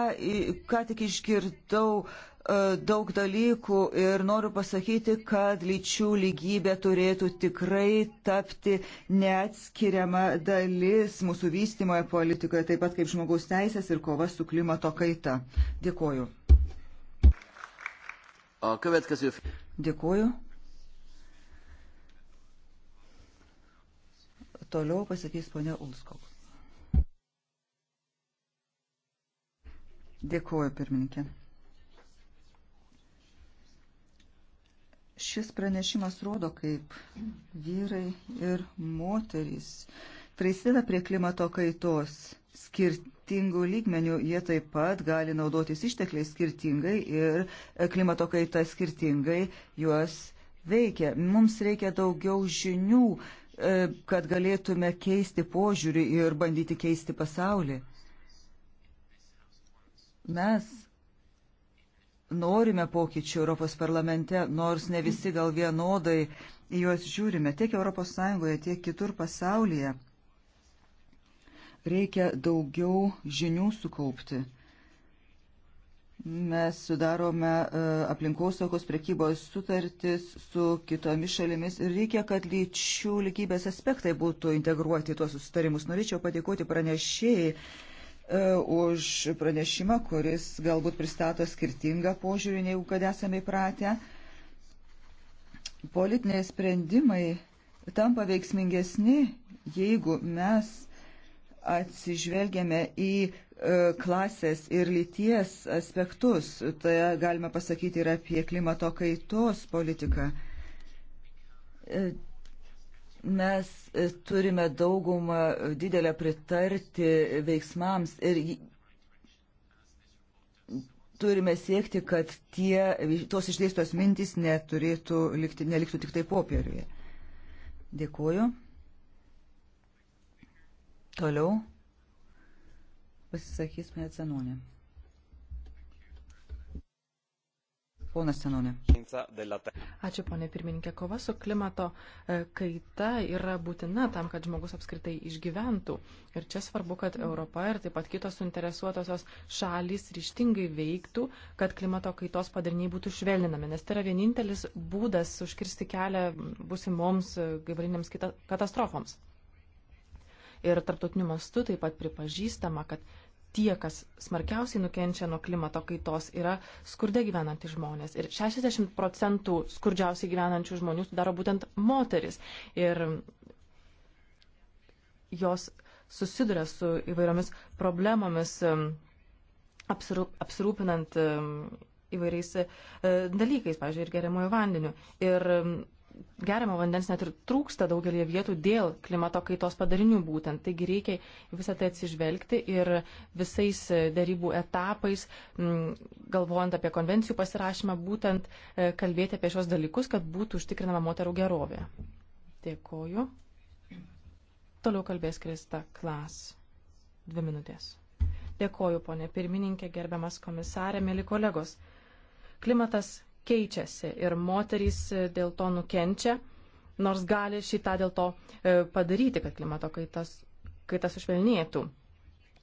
ką tik išgirdau E, daug dalykų ir noriu pasakyti, kad lyčių lygybė turėtų tikrai tapti neatskiriama dalis mūsų vystimoje politikoje, taip pat kaip žmogaus teisės ir kova su klimato kaita. Dėkoju. Dėkoju. Toliau pasakys ponia Ulskov. Dėkuoju, pirmininkė. Šis pranešimas rodo, kaip vyrai ir moterys prisideda prie klimato kaitos skirtingų lygmenių. Jie taip pat gali naudotis ištekliais skirtingai ir klimato kaita skirtingai juos veikia. Mums reikia daugiau žinių, e, kad galėtume keisti požiūrį ir bandyti keisti pasaulį. Mes norime pokyčių Europos parlamente, nors ne visi gal vienodai į juos žiūrime tiek ES, tiek kitur pasaulyje. Reikia daugiau žinių sukaupti. Mes sudarome e, aplinkosaugos prekybos sutartis su kitomis šalimis ir reikia, kad lyčių lygybės aspektai būtų integruoti į tuos sustarimus. Norėčiau padėkoti pranešėjai E, už pranešimą, kuris galbūt pristato skirtingą požiūrį, negu kad esame įpratę. Politiniai sprendimai tampa veiksmingesni, jeigu mes atsižvelgiame į e, klasės ir lyties aspektus. Tai galime pasakyti ir apie klimato kaitos politiką. E, mes e, turime daugumą e, didelę pritarti veiksmams ir turime siekti, kad tie, e, tos išdėstos mintys neturėtų likti, neliktų tik tai popieriuje. Dėkuoju. Toliau pasisakys mane Cenonė. Ponas Senonė. Ačiū, ponė pirmininkė. Kova su klimato e, kaita yra būtina tam, kad žmogus apskritai išgyventų. Ir čia svarbu, kad Europa ir taip pat kitos suinteresuotosios šalys ryštingai veiktų, kad klimato kaitos padariniai būtų švelninami. Nes tai yra vienintelis būdas užkirsti kelią busimoms e, gaivalinėms katastrofoms. Ir tarptautiniu mastu taip pat pripažįstama, kad tie, kas smarkiausiai nukenčia nuo klimato kaitos, yra skurde gyvenantys žmonės. Ir 60 procentų skurdžiausiai gyvenančių žmonių sudaro būtent moteris. Ir jos susiduria su įvairiomis problemomis apsirūpinant įvairiais e, dalykais, pavyzdžiui, ir geriamojo vandeniu. Ir geriamo vandens net ir trūksta daugelį vietų dėl klimato kaitos padarinių būtent. Taigi reikia visą tai atsižvelgti ir visais darybų etapais, galvojant apie konvencijų pasirašymą, būtent e, kalbėti apie šios dalykus, kad būtų užtikrinama moterų gerovė. Dėkoju. Toliau kalbės Krista Klas. Dvi minutės. Dėkoju, ponė pirmininkė, gerbiamas komisarė, mėly kolegos. Klimatas keičiasi ir moterys dėl to nukenčia, nors gali šitą dėl to e, padaryti, kad klimato kaitas, kaitas užvelnėtų.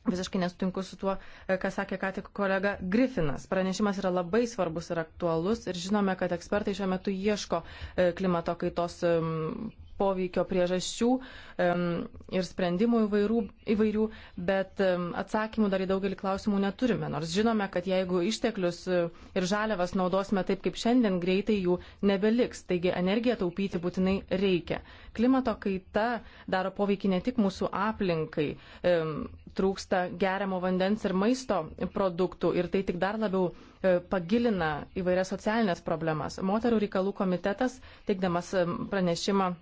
Visiškai nesutinku su tuo, e, ką sakė ką tik kolega Griffinas. Pranešimas yra labai svarbus ir aktualus ir žinome, kad ekspertai šiuo metu ieško e, klimato kaitos poveikio priežasčių ir sprendimų įvairių, įvairių, bet atsakymų dar į daugelį klausimų neturime. Nors žinome, kad jeigu išteklius e, ir žaliavas naudosime taip kaip šiandien, greitai jų nebeliks. Taigi energiją taupyti būtinai reikia. Klimato kaita daro poveikį ne tik mūsų aplinkai, trūksta geriamo vandens ir maisto produktų ir tai tik dar labiau e, pagilina įvairias socialinės problemas. Moterų reikalų komitetas, teikdamas pranešimą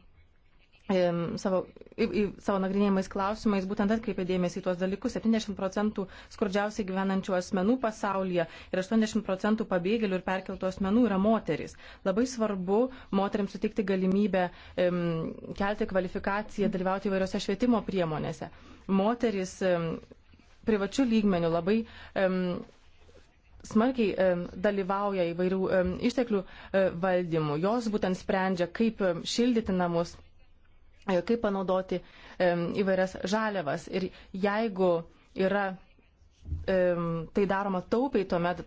savo, į, į, savo nagrinėjimais klausimais būtent atkreipė dėmesį į tuos dalykus. 70 procentų skurdžiausiai gyvenančių asmenų pasaulyje ir 80 procentų pabėgėlių ir perkeltų asmenų yra moteris. Labai svarbu moteriams sutikti galimybę im, kelti kvalifikaciją, dalyvauti įvairiose švietimo priemonėse. Moteris im, privačių lygmenių labai. Im, smarkiai e, dalyvauja įvairių e, išteklių e, valdymų. Jos būtent sprendžia, kaip e, šildyti namus, E, kaip panaudoti e, įvairias žaliavas. Ir jeigu yra e, tai daroma taupiai, tuomet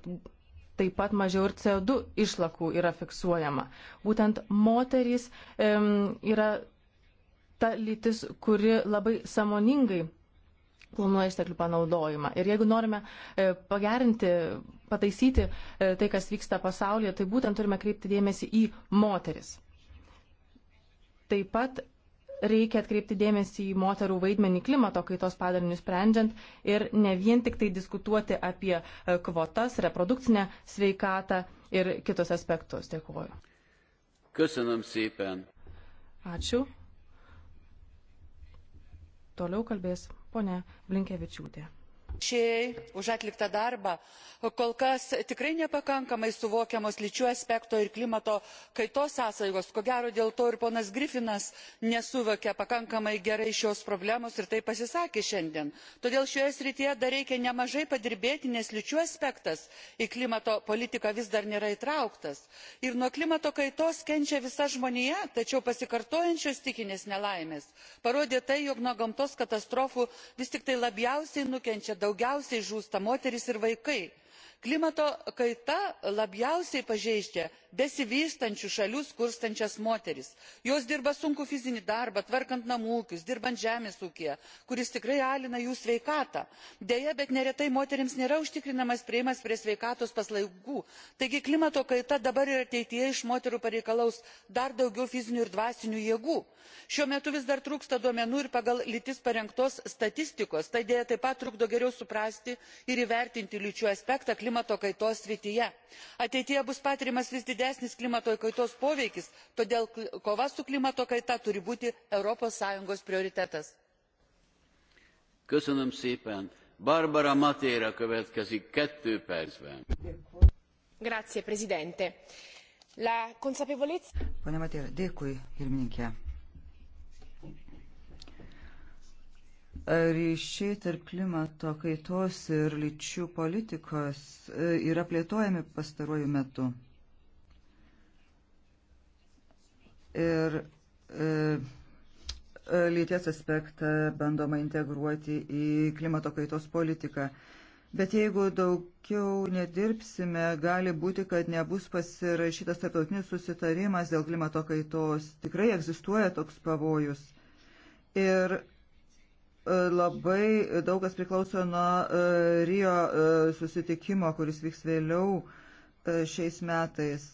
taip pat mažiau ir CO2 išlakų yra fiksuojama. Būtent moterys yra ta lytis, kuri labai samoningai planuoja išteklių panaudojimą. Ir jeigu norime pagerinti, pataisyti tai, kas vyksta pasaulyje, tai būtent turime kreipti dėmesį į moteris. Taip pat reikia atkreipti dėmesį į moterų vaidmenį klimato kaitos padarinius sprendžiant ir ne vien tik tai diskutuoti apie e, kvotas, reprodukcinę sveikatą ir kitus aspektus. Dėkuoju. Köszönöm szépen. Ačiū. Toliau kalbės ponė Blinkevičiūtė pranešėjai už atliktą darbą. kol kas tikrai nepakankamai suvokiamos lyčių aspekto ir klimato kaitos sąsajos ko gero dėl to ir ponas griffinas nesuvokė pakankamai gerai šios problemos ir taip pasisakė šiandien. todėl šioje srityje dar reikia nemažai padirbėti nes lyčių aspektas į klimato politiką vis dar nėra įtrauktas. ir nuo klimato kaitos kenčia visa žmonija tačiau pasikartojančios stichinės nelaimės parodė tai jog nuo gamtos katastrofų vis tik tai labiausiai nukenčia daugiausiai moterys daugiausiai žūsta moterys ir vaikai klimato kaita labiausiai pažeidžia besivystančių šalių skurstančias moteris jos dirba sunkų fizinį darbą tvarkant namų ūkius dirbant žemės ūkyje kuris tikrai alina jų sveikatą. deja bet neretai moterims nėra užtikrinamas priėjimas prie sveikatos paslaugų taigi klimato kaita dabar ir ateityje iš moterų pareikalaus dar daugiau fizinių ir dvasinių jėgų. šiuo metu vis dar trūksta duomenų ir pagal lytis parengtos statistikos tai deja taip pat trukdo geriau suprasti ir įvertinti lyčių aspektą klimato kaitos klimato kaitos srityje. ateityje bus patiriamas vis didesnis klimato kaitos poveikis todėl kova su klimato kaita turi būti europos sąjungos prioritetas. Grazie, la consapevolezza. ryšiai tarp klimato kaitos ir lyčių politikos e, yra plėtojami pastaruoju metu. Ir e, e, lyties aspektą bandoma integruoti į klimato kaitos politiką. Bet jeigu daugiau nedirbsime, gali būti, kad nebus pasirašytas tarptautinis susitarimas dėl klimato kaitos. Tikrai egzistuoja toks pavojus. Ir E, labai daugas priklauso nuo e, Rio e, susitikimo, kuris vyks vėliau šiais metais.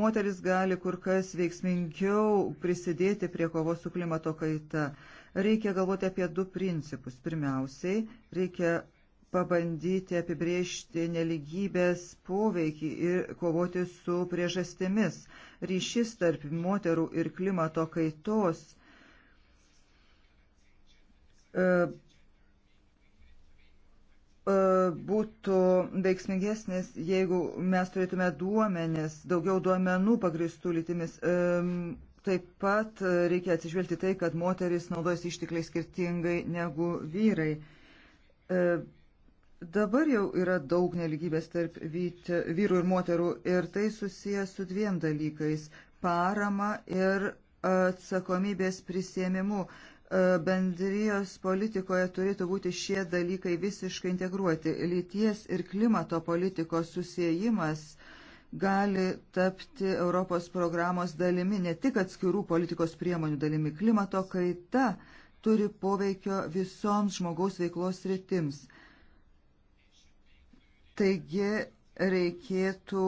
Moteris gali kur kas veiksmingiau prisidėti prie kovos su klimato kaita. Reikia galvoti apie du principus. Pirmiausiai, reikia pabandyti apibriežti neligybės poveikį ir kovoti su priežastimis. Ryšys tarp moterų ir klimato kaitos E, e, būtų veiksmingesnis, jeigu mes turėtume duomenis, daugiau duomenų pagristų lytimis. E, taip pat reikia atsižvelgti tai, kad moteris naudojasi ištikliai skirtingai negu vyrai. Dabar jau yra daug neligybės tarp vyrų ir moterų ir tai susijęs su dviem dalykais - parama ir atsakomybės prisėmimu. E, bendrijos politikoje turėtų būti šie dalykai visiškai integruoti. Lyties ir klimato politikos susijimas gali tapti Europos programos dalimi, ne tik atskirų politikos priemonių dalimi. Klimato kaita turi poveikio visoms žmogaus veiklos rytims. Taigi reikėtų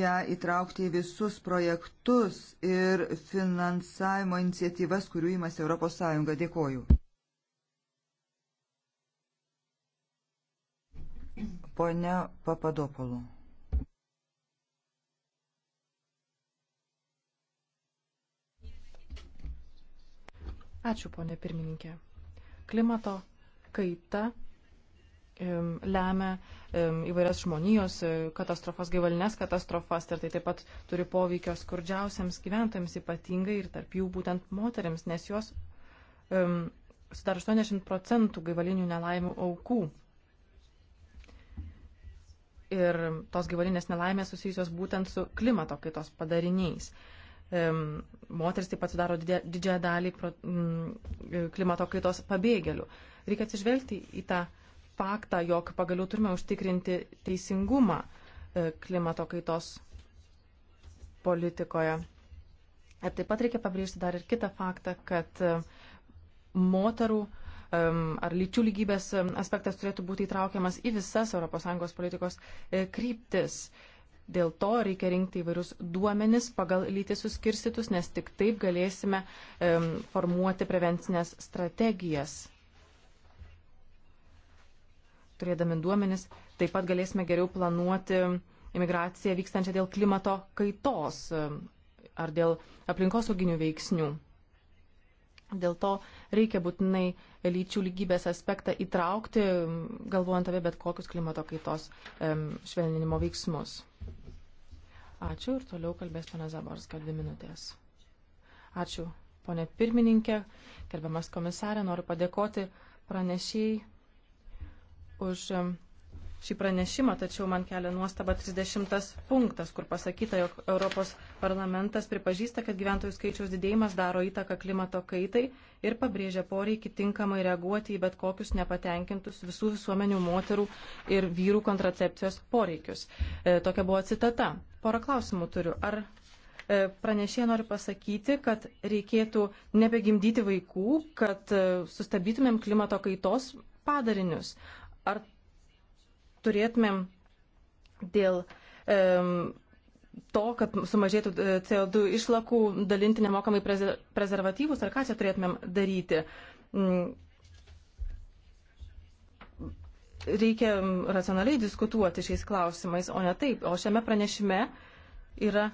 ją įtraukti į visus projektus ir finansavimo iniciatyvas, kurių įmasi ES. Dėkoju. Pone Papadopolų. Ačiū, ponė pirmininkė. Klimato kaita lemia įvairias žmonijos e, katastrofas, gyvalinės katastrofas ir tai taip pat turi poveikio skurdžiausiams gyventojams ypatingai ir tarp jų būtent moteriams, nes jos um, sudaro 80 procentų gyvalinių nelaimių aukų. Ir tos gyvalinės nelaimės susijusios būtent su klimato kaitos padariniais. Um, moteris taip pat sudaro didžiąją dalį pro, um, klimato kaitos pabėgėlių. Reikia atsižvelgti į tą faktą, jog pagaliau turime užtikrinti teisingumą e, klimato kaitos politikoje. Ir taip pat reikia pabrėžti dar ir kitą faktą, kad e, moterų ar lyčių lygybės aspektas turėtų būti įtraukiamas į visas ES politikos e, kryptis. Dėl to reikia rinkti įvairius duomenis pagal lytį suskirstytus, nes tik taip galėsime um, formuoti prevencinės strategijas turėdami duomenis, taip pat galėsime geriau planuoti imigraciją vykstančią dėl klimato kaitos e, ar dėl aplinkosauginių veiksnių. Dėl to reikia būtinai lyčių lygybės aspektą įtraukti, galvojant apie bet kokius klimato kaitos e, švelninimo veiksmus. Ačiū ir toliau kalbės pana Zaborska dvi minutės. Ačiū, ponė pirmininkė, gerbiamas komisarė, noriu padėkoti pranešėjai už um, šį pranešimą, tačiau man kelia nuostaba 30 punktas, kur pasakyta, jog Europos parlamentas pripažįsta, kad gyventojų skaičiaus didėjimas daro įtaką klimato kaitai ir pabrėžia poreikį tinkamai reaguoti į bet kokius nepatenkintus visų visuomenių moterų ir vyrų kontracepcijos poreikius. E, tokia buvo citata. Porą klausimų turiu. Ar e, pranešėja nori pasakyti, kad reikėtų nebegimdyti vaikų, kad e, sustabdytumėm klimato kaitos padarinius ar turėtumėm dėl e, to, kad sumažėtų e, CO2 išlakų, dalinti nemokamai prezervatyvus, ar ką čia turėtumėm daryti? Mm. Reikia racionaliai diskutuoti šiais klausimais, o ne taip. O šiame pranešime yra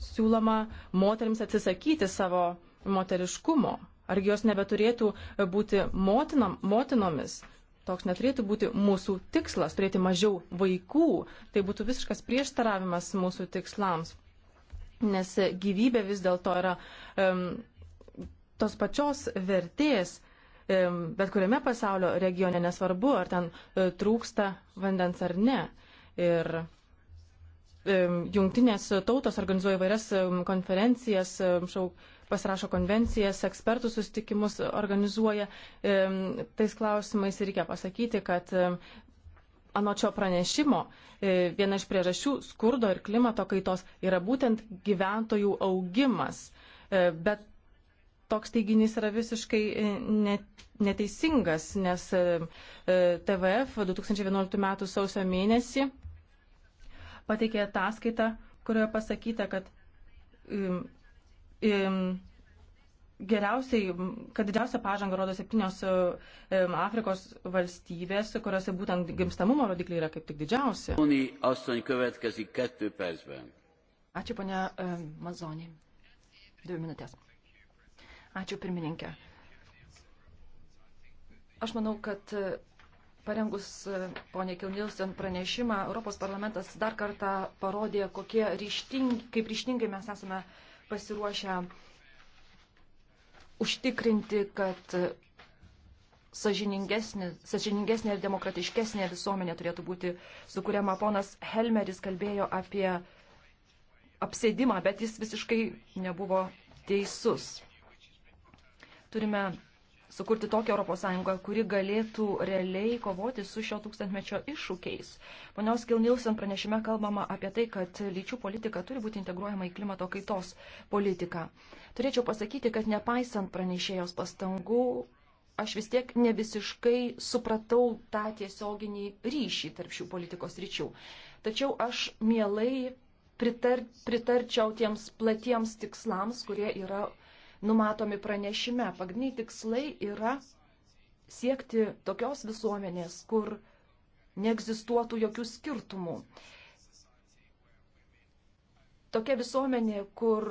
siūloma moteriams atsisakyti savo moteriškumo. Argi jos nebeturėtų būti motinam, motinomis, toks neturėtų būti mūsų tikslas, turėti mažiau vaikų. Tai būtų visiškas prieštaravimas mūsų tikslams, nes gyvybė vis dėlto yra um, tos pačios vertės, um, bet kuriame pasaulio regione nesvarbu, ar ten uh, trūksta vandens ar ne. Ir um, jungtinės tautos organizuoja vairias um, konferencijas, um, šauk pasirašo konvencijas, ekspertų sustikimus organizuoja tais klausimais. Ir reikia pasakyti, kad anočio pranešimo e, viena iš priežasčių skurdo ir klimato kaitos yra būtent gyventojų augimas. E, bet toks teiginys yra visiškai e, neteisingas, nes TVF 2011 m. sausio mėnesį pateikė ataskaitą, kurioje pasakyta, kad geriausiai, kad didžiausia pažanga rodo septynios Afrikos valstybės, kuriuose būtent gimstamumo rodikliai yra kaip tik didžiausi. Ačiū, ponia Mazonė. Dvi minutės. Ačiū, pirmininkė. Aš manau, kad e, parengus e, ponė Kilnilsen pranešimą, Europos parlamentas dar kartą parodė, ryšting, kaip ryštingai mes esame uh, pasiruošę užtikrinti, kad sažiningesnė, sažiningesnė ir demokratiškesnė visuomenė turėtų būti sukūriama. Ponas Helmeris kalbėjo apie apsėdimą, bet jis visiškai nebuvo teisus. Turime sukurti tokią ES, kuri galėtų realiai kovoti su šio tūkstantmečio iššūkiais. Ponios Kilnilsen pranešime kalbama apie tai, kad lyčių politika turi būti integruojama į klimato kaitos politiką. Turėčiau pasakyti, kad nepaisant pranešėjos pastangų, aš vis tiek ne visiškai supratau tą tiesioginį ryšį tarp šių politikos ryčių. Tačiau aš mielai pritar, pritarčiau tiems platiems tikslams, kurie yra numatomi pranešime. Pagrindiniai tikslai yra siekti tokios visuomenės, kur neegzistuotų jokių skirtumų. Tokia visuomenė, kur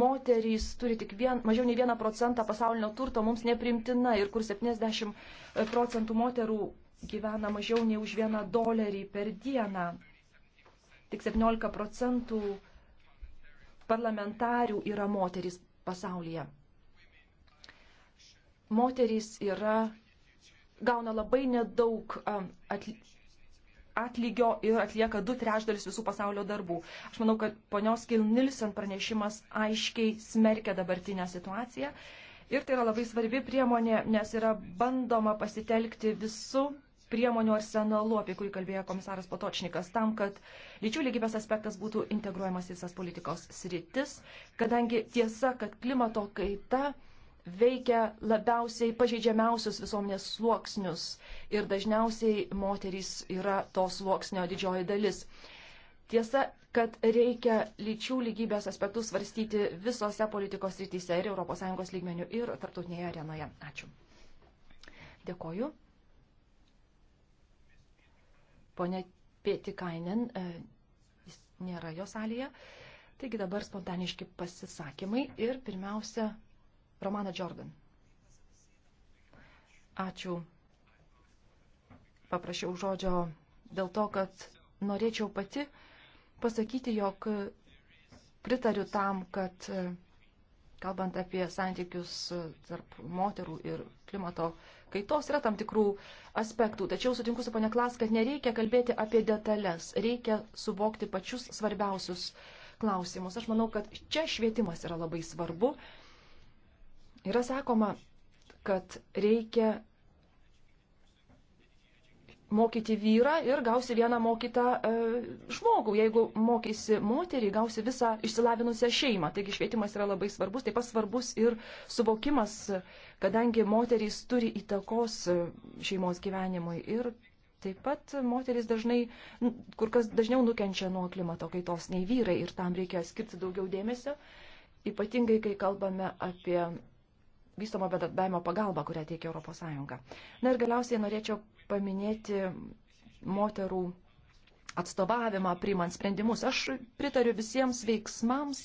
moterys turi tik vien, mažiau nei vieną procentą pasaulinio turto, mums neprimtina ir kur 70 procentų moterų gyvena mažiau nei už vieną dolerį per dieną. Tik 17 procentų parlamentarių yra moterys pasaulyje. Moterys yra, gauna labai nedaug um, atlygio ir atlieka du trešdalis visų pasaulio darbų. Aš manau, kad ponios Kil Nilsen pranešimas aiškiai smerkia dabartinę situaciją. Ir tai yra labai svarbi priemonė, nes yra bandoma pasitelkti visų priemonių arsenalu, apie kurį kalbėjo komisaras Potočnikas, tam, kad lyčių lygybės aspektas būtų integruojamas į visas politikos sritis, kadangi tiesa, kad klimato kaita veikia labiausiai pažeidžiamiausius visuomenės sluoksnius ir dažniausiai moterys yra to sluoksnio didžioji dalis. Tiesa, kad reikia lyčių lygybės aspektus svarstyti visose politikos rytise ir ES lygmenių ir tarptautinėje arenoje. Ačiū. Dėkoju. Pone Pietikainen, e, jis nėra jo salėje. Taigi dabar spontaniški pasisakymai ir pirmiausia Romana Jordan. Ačiū. Paprašiau žodžio dėl to, kad norėčiau pati pasakyti, jog pritariu tam, kad e, kalbant apie santykius e, tarp moterų ir klimato kaitos, yra tam tikrų aspektų. Tačiau sutinku su ponia Klas, kad nereikia kalbėti apie detalės, reikia suvokti pačius svarbiausius klausimus. Aš manau, kad čia švietimas yra labai svarbu. Yra sakoma, kad reikia mokyti vyrą ir gausi vieną mokytą e, žmogų. Jeigu mokysi moterį, gausi visą išsilavinusią šeimą. Taigi švietimas yra labai svarbus, taip pat svarbus ir suvokimas, kadangi moterys turi įtakos e, šeimos gyvenimui. Ir taip pat moterys dažnai, kur kas dažniau nukenčia nuo klimato kaitos nei vyrai ir tam reikia skirti daugiau dėmesio, ypatingai kai kalbame apie vystomo bedarbiavimo pagalbą, kurią teikia ES. Na ir galiausiai norėčiau paminėti moterų atstovavimą priimant sprendimus. Aš pritariu visiems veiksmams,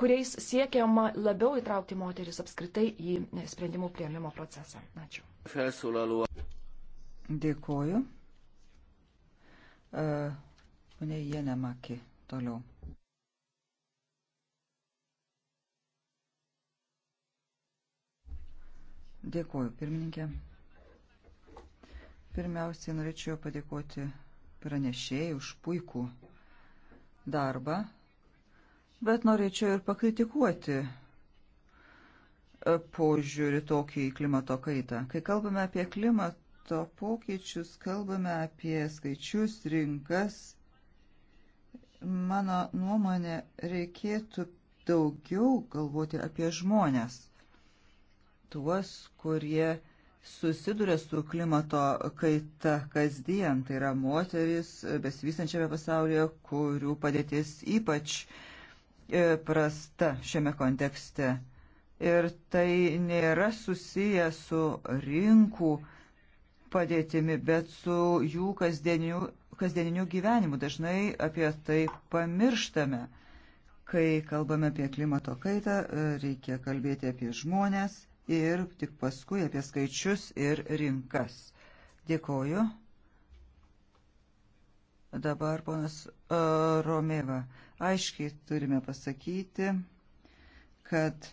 kuriais siekiama labiau įtraukti moteris apskritai į sprendimų prieimimo procesą. Ačiū. Dėkuoju. Pane uh, Jenemaki, toliau. Dėkuoju, pirmininkė. Pirmiausiai norėčiau padėkoti pranešėjai už puikų darbą, bet norėčiau ir pakritikuoti e, požiūrį tokį į klimato kaitą. Kai kalbame apie klimato pokyčius, kalbame apie skaičius, rinkas, mano nuomonė, reikėtų daugiau galvoti apie žmonės, tuos, kurie susiduria su klimato kaita kasdien. Tai yra moteris besivystančiame pasaulyje, kurių padėtis ypač e, prasta šiame kontekste. Ir tai nėra susiję su rinkų padėtimi, bet su jų kasdieniu, kasdieniniu gyvenimu. Dažnai apie tai pamirštame. Kai kalbame apie klimato kaitą, e, reikia kalbėti apie žmonės ir tik paskui apie skaičius ir rinkas. Dėkoju. Dabar ponas e, Romeva. Aiškiai turime pasakyti, kad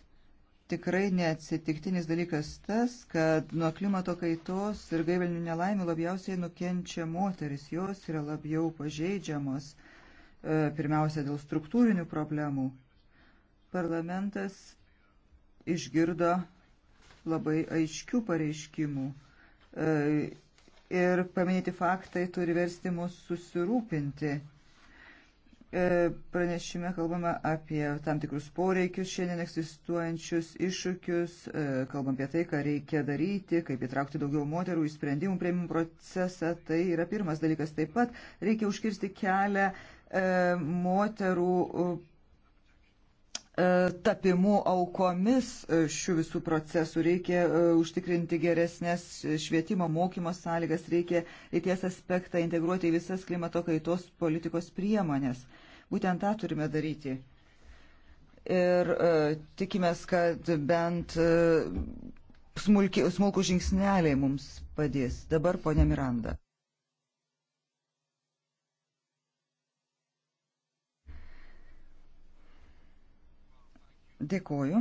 tikrai neatsitiktinis dalykas tas, kad nuo klimato kaitos ir gaivelinių nelaimių labiausiai nukenčia moteris. Jos yra labiau pažeidžiamos, e, pirmiausia, dėl struktūrinių problemų. Parlamentas išgirdo labai aiškių pareiškimų. E, ir paminėti faktai turi versti mus susirūpinti. E, pranešime kalbame apie tam tikrus poreikius šiandien egzistuojančius iššūkius, e, kalbam apie tai, ką reikia daryti, kaip įtraukti daugiau moterų į sprendimų prieimimų procesą. Tai yra pirmas dalykas. Taip pat reikia užkirsti kelią moterų E, tapimų aukomis e, šių visų procesų, reikia e, užtikrinti geresnės švietimo mokymo sąlygas, reikia įties aspektą integruoti į visas klimato kaitos politikos priemonės. Būtent tą turime daryti. Ir uh, tikimės, kad bent uh, smulki, smulkų žingsneliai mums padės. Dabar ponia Miranda. Dėkoju.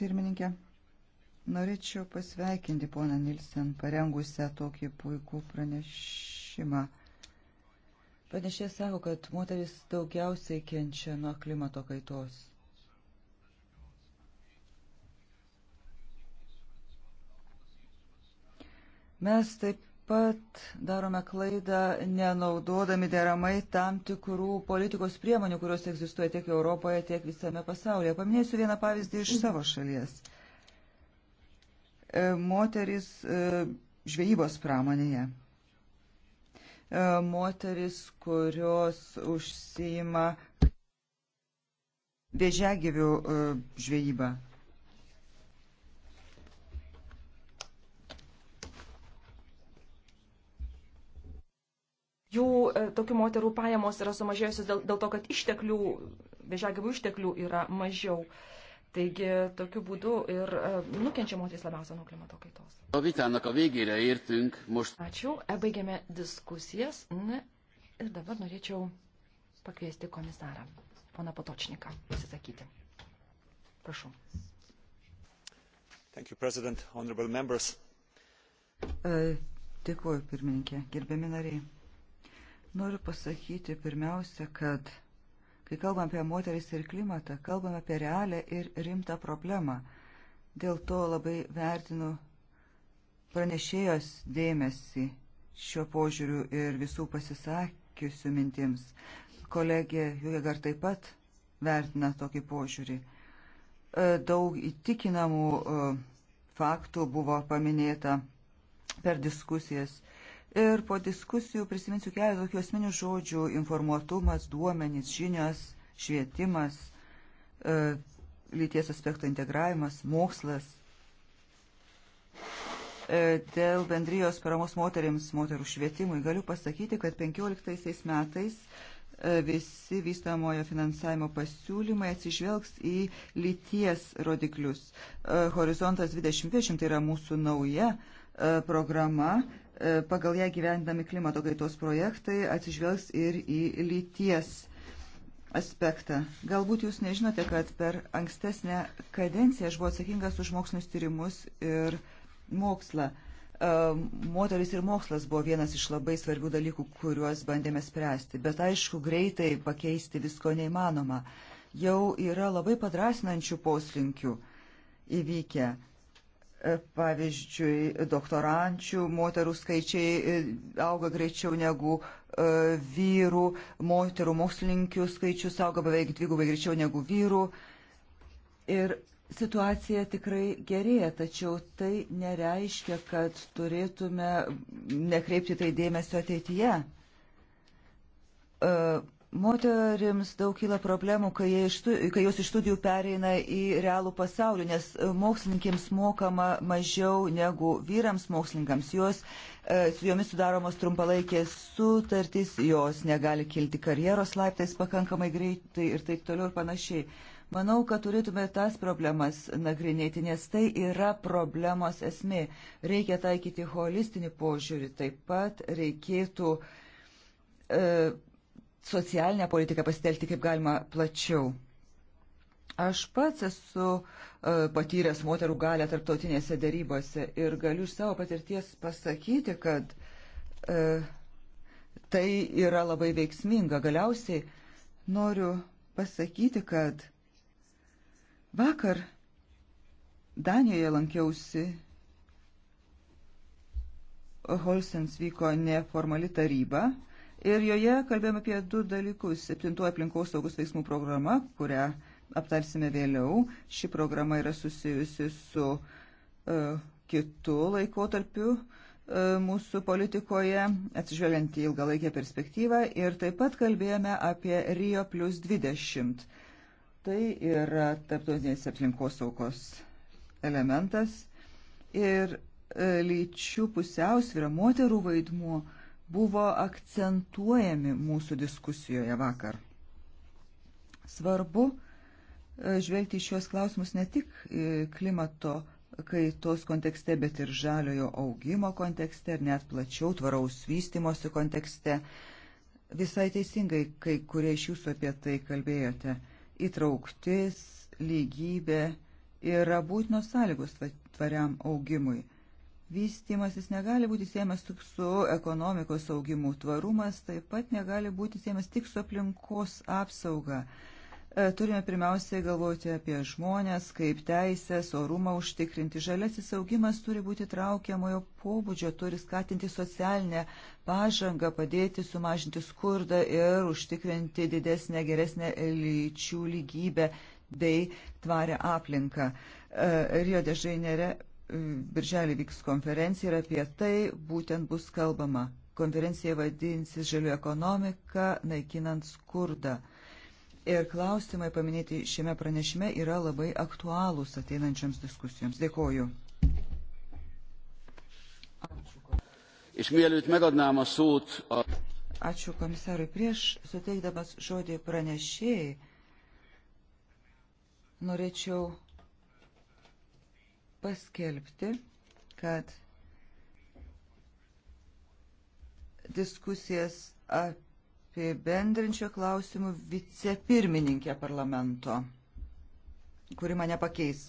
Pirmininkė, norėčiau pasveikinti poną Nilsen parengusią tokį puikų pranešimą. Pranešė sako, kad moteris daugiausiai kenčia nuo klimato kaitos. Mes taip pat darome klaidą nenaudodami deramai tam tikrų politikos priemonių, kurios egzistuoja tiek Europoje, tiek visame pasaulyje. Paminėsiu vieną pavyzdį iš savo šalies. E, moteris e, žvejybos pramonėje. E, moteris, kurios užsijima vėžiagyvių žvejybą. jų e, tokių moterų pajamos yra sumažėjusios dėl, dėl to, kad išteklių, vežagyvų išteklių yra mažiau. Taigi tokiu būdu ir e, nukenčia moteris labiausia nuo klimato kaitos. A vitának a végére értünk most. Ačiū, e, baigėme diskusijas. Na, ir dabar norėčiau pakviesti komisarą, pana Patočniką, pasisakyti. Prašau. Thank you, President, honorable members. Dėkuoju, pirmininkė, gerbiami nariai. Noriu pasakyti pirmiausia, kad kai kalbam apie moteris ir klimatą, kalbam apie realią ir rimtą problemą. Dėl to labai vertinu pranešėjos dėmesį šiuo požiūriu ir visų pasisakiusių mintims. Kolegė Jugegar taip pat vertina tokį požiūrį. E, daug įtikinamų e, faktų buvo paminėta per diskusijas Ir po diskusijų prisiminsiu keletą tokių asmenių žodžių - informuotumas, duomenys, žinios, švietimas, e, lyties aspekto integravimas, mokslas. E, dėl bendrijos paramos moteriams, moterų švietimui galiu pasakyti, kad 15 metais e, visi vystamojo finansavimo pasiūlymai atsižvelgs į lyties rodiklius. Horizontas 2020 tai yra mūsų nauja programa E, pagal ją gyvendami klimato kaitos projektai atsižvelgs ir į lyties aspektą. Galbūt jūs nežinote, kad per ankstesnę kadenciją aš buvau atsakingas už mokslinius tyrimus ir mokslą. E, moteris ir mokslas buvo vienas iš labai svarbių dalykų, kuriuos bandėme spręsti, bet aišku, greitai pakeisti visko neįmanoma. Jau yra labai padrasinančių poslinkių įvykę Pavyzdžiui, doktorančių moterų skaičiai e, auga greičiau negu e, vyrų, moterų mokslininkių skaičius auga beveik dvigubai greičiau negu vyrų. Ir situacija tikrai gerėja, tačiau tai nereiškia, kad turėtume nekreipti tai dėmesio ateityje. E, Moterims daug kyla problemų, kai, štu, kai jos iš studijų pereina į realų pasaulį, nes e, mokslininkėms mokama mažiau negu vyrams mokslininkams. Jos, e, su jomis sudaromos trumpalaikės sutartys, jos negali kilti karjeros laiptais pakankamai greitai ir taip toliau ir panašiai. Manau, kad turėtume tas problemas nagrinėti, nes tai yra problemos esmė. Reikia taikyti holistinį požiūrį, taip pat reikėtų. E, socialinę politiką pasitelkti kaip galima plačiau. Aš pats esu e, patyręs moterų galę tarptautinėse darybose ir galiu iš savo patirties pasakyti, kad e, tai yra labai veiksminga. Galiausiai noriu pasakyti, kad vakar Danijoje lankiausi. Holsens vyko neformali taryba Ir joje kalbėjome apie du dalykus. Septintoji aplinkos saugus veiksmų programa, kurią aptarsime vėliau. Ši programa yra susijusi su uh, kitu laikotarpiu e, mūsų politikoje, atsižvelgiant į ilgalaikę perspektyvą ir taip pat kalbėjome apie Rio plus 20. Tai yra tarptautinės aplinkos saukos elementas ir e, lyčių pusiausvyrą moterų vaidmuo uh, buvo akcentuojami mūsų diskusijoje vakar. Svarbu e, žvelgti šios klausimus ne tik e, klimato kaitos kontekste, bet ir žaliojo augimo kontekste ir net plačiau tvaraus vystimosi kontekste. Visai teisingai, kai kurie iš jūsų apie tai kalbėjote, įtrauktis, lygybė yra būtinos sąlygos tvariam augimui vystimasis negali būti siejamas tik su ekonomikos augimu. Tvarumas taip pat negali būti siejamas tik su aplinkos apsauga. E, turime pirmiausiai galvoti apie žmonės, kaip teisės, orumą užtikrinti. Žalesis augimas turi būti traukiamojo pobūdžio, turi skatinti socialinę pažangą, padėti sumažinti skurdą ir užtikrinti didesnę, geresnę lyčių lygybę bei tvarę aplinką. E, Rio de Žainere birželį vyks konferencija ir apie tai būtent bus kalbama. Konferencija vadinsis Žalių ekonomika, naikinant skurdą. Ir klausimai paminėti šiame pranešime yra labai aktualūs ateinančiams diskusijoms. Dėkoju. Ačiū komisarui. Prieš suteikdamas žodį pranešėjai, norėčiau paskelbti, kad diskusijas apibendrinčio klausimų vicepirmininkė parlamento, kuri mane pakeis.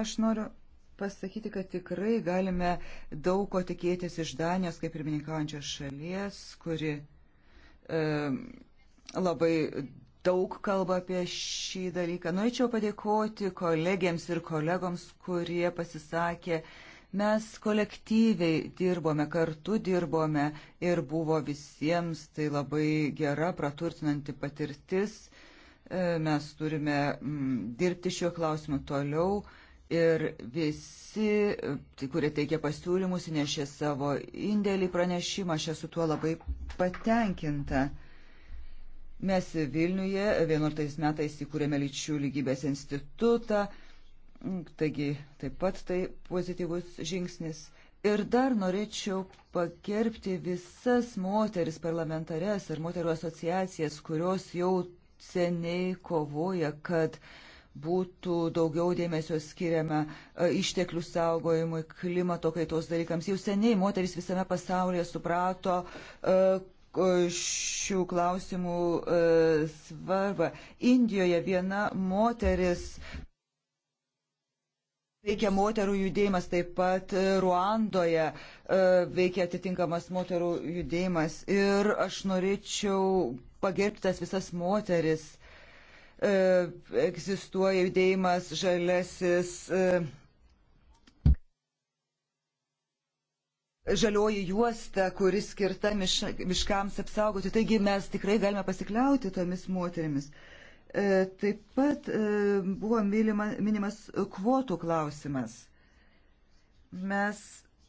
Aš noriu pasakyti, kad tikrai galime daug ko tikėtis iš Danijos kaip pirmininkaujančios šalies, kuri e, labai daug kalba apie šį dalyką. Norėčiau padėkoti kolegiams ir kolegoms, kurie pasisakė. Mes kolektyviai dirbome, kartu dirbome ir buvo visiems tai labai gera, praturtinanti patirtis. E, mes turime mm, dirbti šiuo klausimu toliau ir visi, e, kurie teikia pasiūlymus, įnešė savo indėlį pranešimą. Aš esu tuo labai patenkinta. Mes Vilniuje 11 metais įkūrėme lyčių lygybės institutą, taigi taip pat tai pozityvus žingsnis. Ir dar norėčiau pagerbti visas moteris parlamentares ir moterų asociacijas, kurios jau seniai kovoja, kad būtų daugiau dėmesio skiriama e, išteklių saugojimui, klimato kaitos dalykams. Jau seniai moteris visame pasaulyje suprato, e, šių klausimų e, svarbą. Indijoje viena moteris. Veikia moterų judėjimas, taip pat e, Ruandoje e, veikia atitinkamas moterų judėjimas. Ir aš norėčiau pagerbti tas visas moteris. Egzistuoja judėjimas žalesis žalioji juosta, kuris skirta miškams apsaugoti. Taigi mes tikrai galime pasikliauti tomis moterimis. E, taip pat e, buvo minimas kvotų klausimas. Mes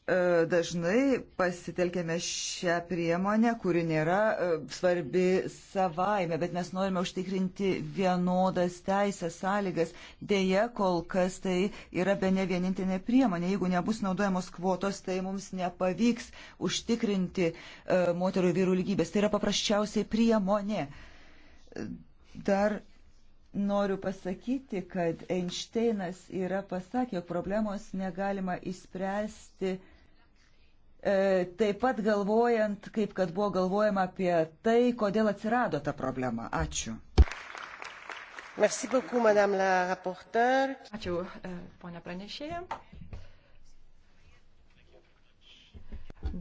E, dažnai pasitelkėme šią priemonę, kuri nėra e, svarbi savaime, bet mes norime užtikrinti vienodas teisės sąlygas. Deja, kol kas tai yra be ne vienintinė priemonė. Jeigu nebus naudojamos kvotos, tai mums nepavyks užtikrinti e, moterų ir vyrų lygybės. Tai yra paprasčiausiai priemonė. Dar noriu pasakyti, kad Einšteinas yra pasakė, jog problemos negalima įspręsti E, taip pat galvojant, kaip kad buvo galvojama apie tai, kodėl atsirado ta problema. Ačiū. Merci beaucoup, madame la rapporteur. Ačiū, e, ponia pranešėja.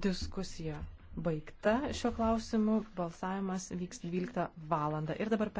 Diskusija baigta. Šiuo klausimu balsavimas vyks 12 valandą. Ir dabar